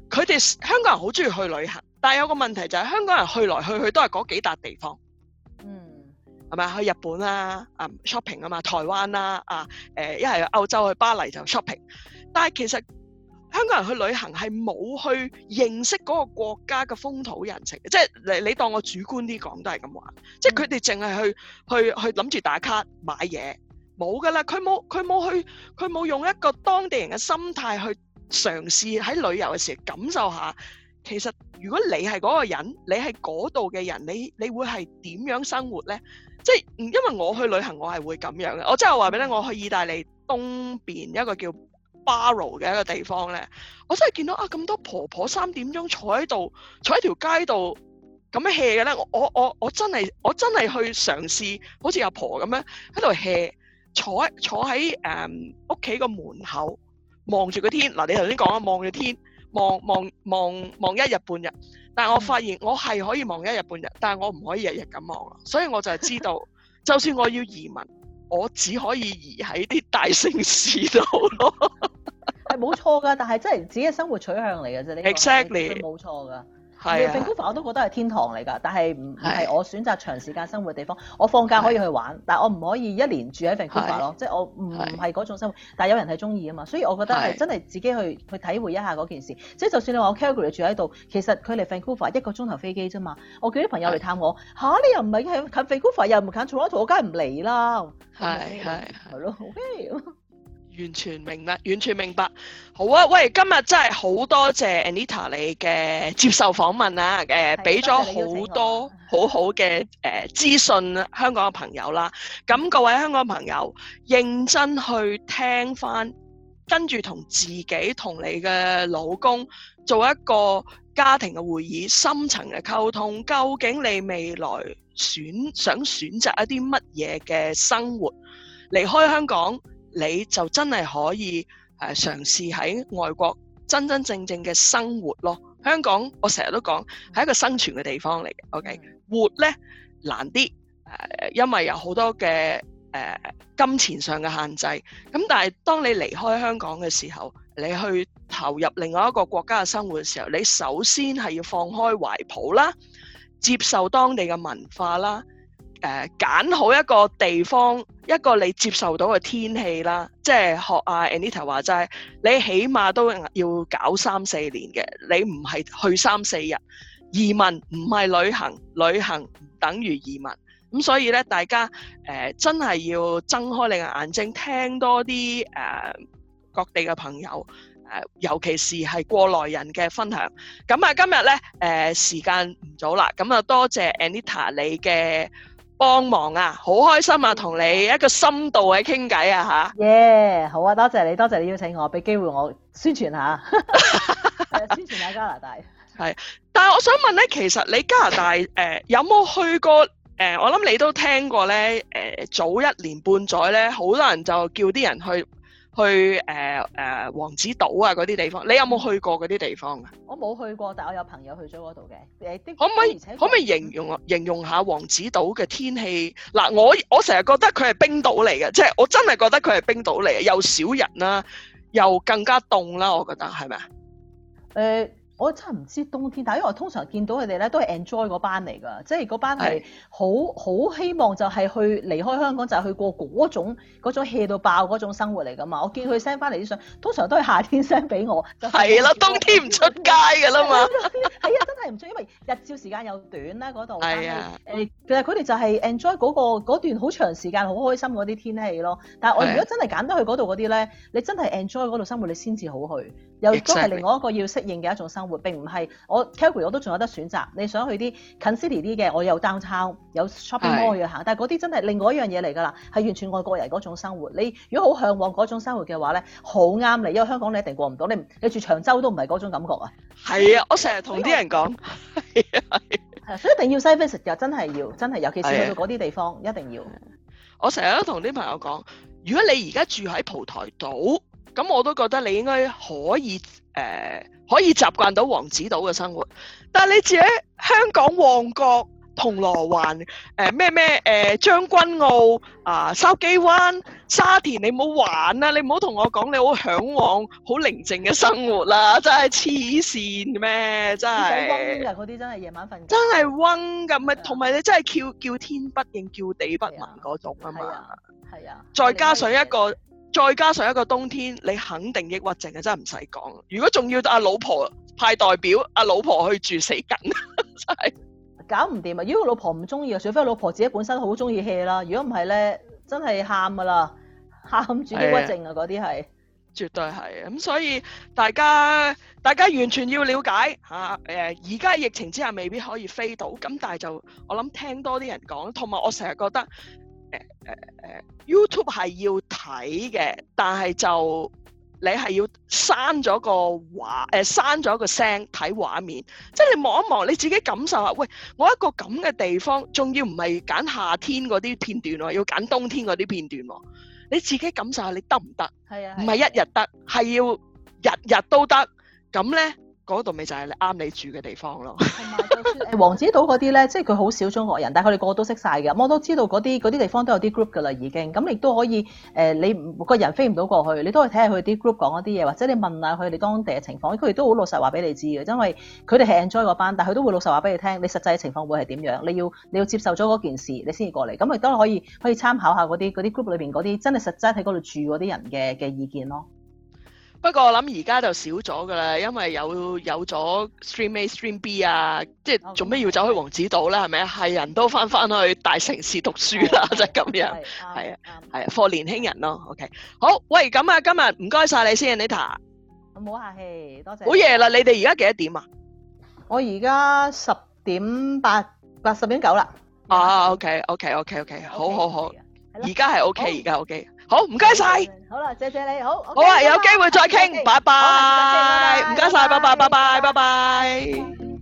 佢哋香港人好中意去旅行，但係有一個問題就係、是、香港人去來去去都係嗰幾笪地方。嗯，係咪去日本啦？啊，shopping 啊嘛，台灣啦，啊，誒，一係去歐洲去巴黎就 shopping。但係其實香港人去旅行係冇去認識嗰個國家嘅風土人情，即係你你當我主觀啲講都係咁話，即係佢哋淨係去去去諗住打卡買嘢，冇噶啦，佢冇佢冇去佢冇用一個當地人嘅心態去嘗試喺旅遊嘅時候感受下。其實如果你係嗰個人，你係嗰度嘅人，你你會係點樣生活呢？即係因為我去旅行我係，我係會咁樣嘅。我即係話俾你聽，我去意大利東邊一個叫 Borrow 嘅一個地方咧，我真係見到啊咁多婆婆三點鐘坐喺度，坐喺條街度咁 hea 嘅咧。我我我真係我真係去嘗試，好似阿婆咁樣喺度 hea，坐坐喺誒屋企個門口望住個天。嗱、啊，你頭先講啊，望住天望望望望一日半日，但係我發現我係可以望一日半日，但係我唔可以日日咁望啦。所以我就係知道， <laughs> 就算我要移民。我只可以移喺啲大城市度咯，係冇錯㗎，但係真係自己嘅生活取向嚟嘅啫，呢個 exactly 冇錯㗎。係、啊。Vancouver 我都覺得係天堂嚟㗎，但係唔唔係我選擇長時間生活嘅地方。我放假可以去玩，但係我唔可以一年住喺 Vancouver 咯，即、就、係、是、我唔唔係嗰種生活。但係有人係中意㗎嘛，所以我覺得係真係自己去去體會一下嗰件事。即係就算你話我 Calgary 住喺度，其實佢離 Vancouver 一個鐘頭飛機啫嘛。我叫啲朋友嚟探我，嚇你又唔係係近 Vancouver 又唔近 Toronto，我梗係唔嚟啦。係係係咯，OK。 <laughs> 完全明白，完全明白。好啊，喂，今日真係好多謝 Anita 你嘅接受訪問啊，誒、呃，俾咗好多好好嘅誒資訊香港嘅朋友啦。咁各位香港嘅朋友，認真去聽翻，跟住同自己同你嘅老公做一個家庭嘅會議，深層嘅溝通。究竟你未來選想選擇一啲乜嘢嘅生活，離開香港？你就真係可以誒、呃、嘗試喺外國真真正正嘅生活咯。香港我成日都講係一個生存嘅地方嚟嘅。OK、嗯、活呢難啲、呃、因為有好多嘅誒、呃、金錢上嘅限制。咁但係當你離開香港嘅時候，你去投入另外一個國家嘅生活嘅時候，你首先係要放開懷抱啦，接受當地嘅文化啦。誒、呃、揀好一個地方，一個你接受到嘅天氣啦，即係學阿 Anita 話齋，你起碼都要搞三四年嘅，你唔係去三四日。移民唔係旅行，旅行唔等於移民。咁所以咧，大家誒、呃、真係要睜開你嘅眼睛，聽多啲誒、呃、各地嘅朋友誒、呃，尤其是係過來人嘅分享。咁啊，今日咧誒時間唔早啦，咁啊多謝 Anita 你嘅幫忙啊！好開心啊，同你一個深度嘅傾偈啊吓。Yeah，好啊，多謝你，多謝你邀請我，俾機會我宣傳下。 <laughs> <laughs> 宣傳下加拿大。係，但係我想問咧，其實你加拿大誒、呃、有冇去過、呃、我諗你都聽過咧、呃、早一年半載咧，好多人就叫啲人去。去誒誒、呃呃、王子島啊嗰啲地方，你有冇去過嗰啲地方啊？我冇去過，但我有朋友去咗嗰度嘅。可唔可以可唔可以形容形容下王子島嘅天氣？嗱，我我成日覺得佢係冰島嚟嘅，即係我真係覺得佢係冰島嚟，嘅，又少人啦、啊，又更加凍啦、啊，我覺得係咪啊？誒。呃我真係唔知冬天，但係因為我通常見到佢哋咧都係 enjoy 嗰班嚟㗎，即係嗰班係好好希望就係去離開香港就係、是、去過嗰種嗰種 hea 到爆嗰種生活嚟㗎嘛。我見佢 send 翻嚟啲相，通常都係夏天 send 俾我，係啦，冬天唔出街㗎啦嘛。係啊，真係唔出，因為日照時間又短咧嗰度。係、那、啊、個，誒，其實佢哋就係 enjoy 嗰個嗰段好長時間好開心嗰啲天氣咯。但係我如果真係揀得去嗰度嗰啲咧，的你真係 enjoy 嗰度生活，你先至好去。又都係另外一個要適應嘅一種生活，並唔係我 Calgary 我都仲有得選擇。你想去啲近 City 啲嘅，我有 down town，有 shopping mall 要行。的但係嗰啲真係另外一樣嘢嚟㗎啦，係完全外國人嗰種生活。你如果好向往嗰種生活嘅話咧，好啱你。因為香港你一定過唔到，你你住長洲都唔係嗰種感覺啊。係啊，我成日同啲人講，係 <laughs> 所以一定要西式嘅，真係要，真係尤其是去到嗰啲地方一定要。我成日都同啲朋友講，如果你而家住喺蒲台島。咁我都覺得你應該可以誒、呃，可以習慣到王子島嘅生活。但係你自己香港旺角、銅鑼灣、誒咩咩誒將軍澳啊、筲、呃、箕灣、沙田，你唔好玩啦、啊！你唔好同我講你好嚮往好寧靜嘅生活啦，真係黐線咩？真係。嗰啲真係夜晚瞓，真係溫咁咪，同埋你真係叫叫天不應，叫地不聞嗰種啊嘛。係啊。再加上一個。再加上一個冬天，你肯定抑鬱症啊！真係唔使講。如果仲要阿老婆派代表，阿老婆去住死梗，真係搞唔掂啊！如果老婆唔中意啊，除非老婆自己本身好中意 hea 啦。如果唔係呢，真係喊噶啦，喊住抑鬱症啊！嗰啲係絕對係。咁所以大家大家完全要了解嚇，而家疫情之下未必可以飛到。咁但係就我諗聽多啲人講，同埋我成日覺得。誒、uh, uh, uh, YouTube 係要睇嘅，但係就你係要刪咗個畫誒、呃，刪咗個聲睇畫面，即係你望一望，你自己感受下。喂，我一個咁嘅地方，仲要唔係揀夏天嗰啲片段喎，要揀冬天嗰啲片段喎。你自己感受下你行不行，你得唔得？係啊，唔係一日得，係要日日都得。咁呢。嗰度咪就係你啱你住嘅地方咯。同 <laughs> 埋王子島嗰啲咧，即係佢好少中國人，但係佢哋個個都識晒㗎。我都知道嗰啲啲地方都有啲 group 㗎啦，已經。咁你都可以誒、呃，你個人飛唔到過去，你都可以睇下佢啲 group 講嗰啲嘢，或者你問下佢哋當地嘅情況，佢哋都好老實話俾你知嘅。因為佢哋係 enjoy 個班，但係佢都會老實話俾你聽，你實際嘅情況會係點樣。你要你要接受咗嗰件事，你先至過嚟。咁亦都可以可以參考下嗰啲啲 group 裏邊嗰啲真係實際喺嗰度住嗰啲人嘅嘅意見咯。不過我諗而家就少咗噶啦，因為有有咗 Stream A、Stream B 啊，即係做咩要走去王子島咧？係咪啊？係人都翻返去大城市讀書啦，就係咁樣。係 <noise> 啊，係啊，係 for 年輕人咯。 <noise> OK，好，喂，咁啊，今日唔該晒你先 Anita。唔好客氣，多謝，謝你。好夜啦，你哋而家幾多點啊？我而家十點八八十點九啦。啊，OK，OK，OK，OK，、okay, okay, okay, okay, okay, 好好好，而家係 OK，而、right, 家 okay,、oh、OK。Okay 好，唔該晒。好啦，謝謝你。好，okay, 好啊，有機會再傾。拜拜，唔該晒，拜拜，拜拜，拜拜。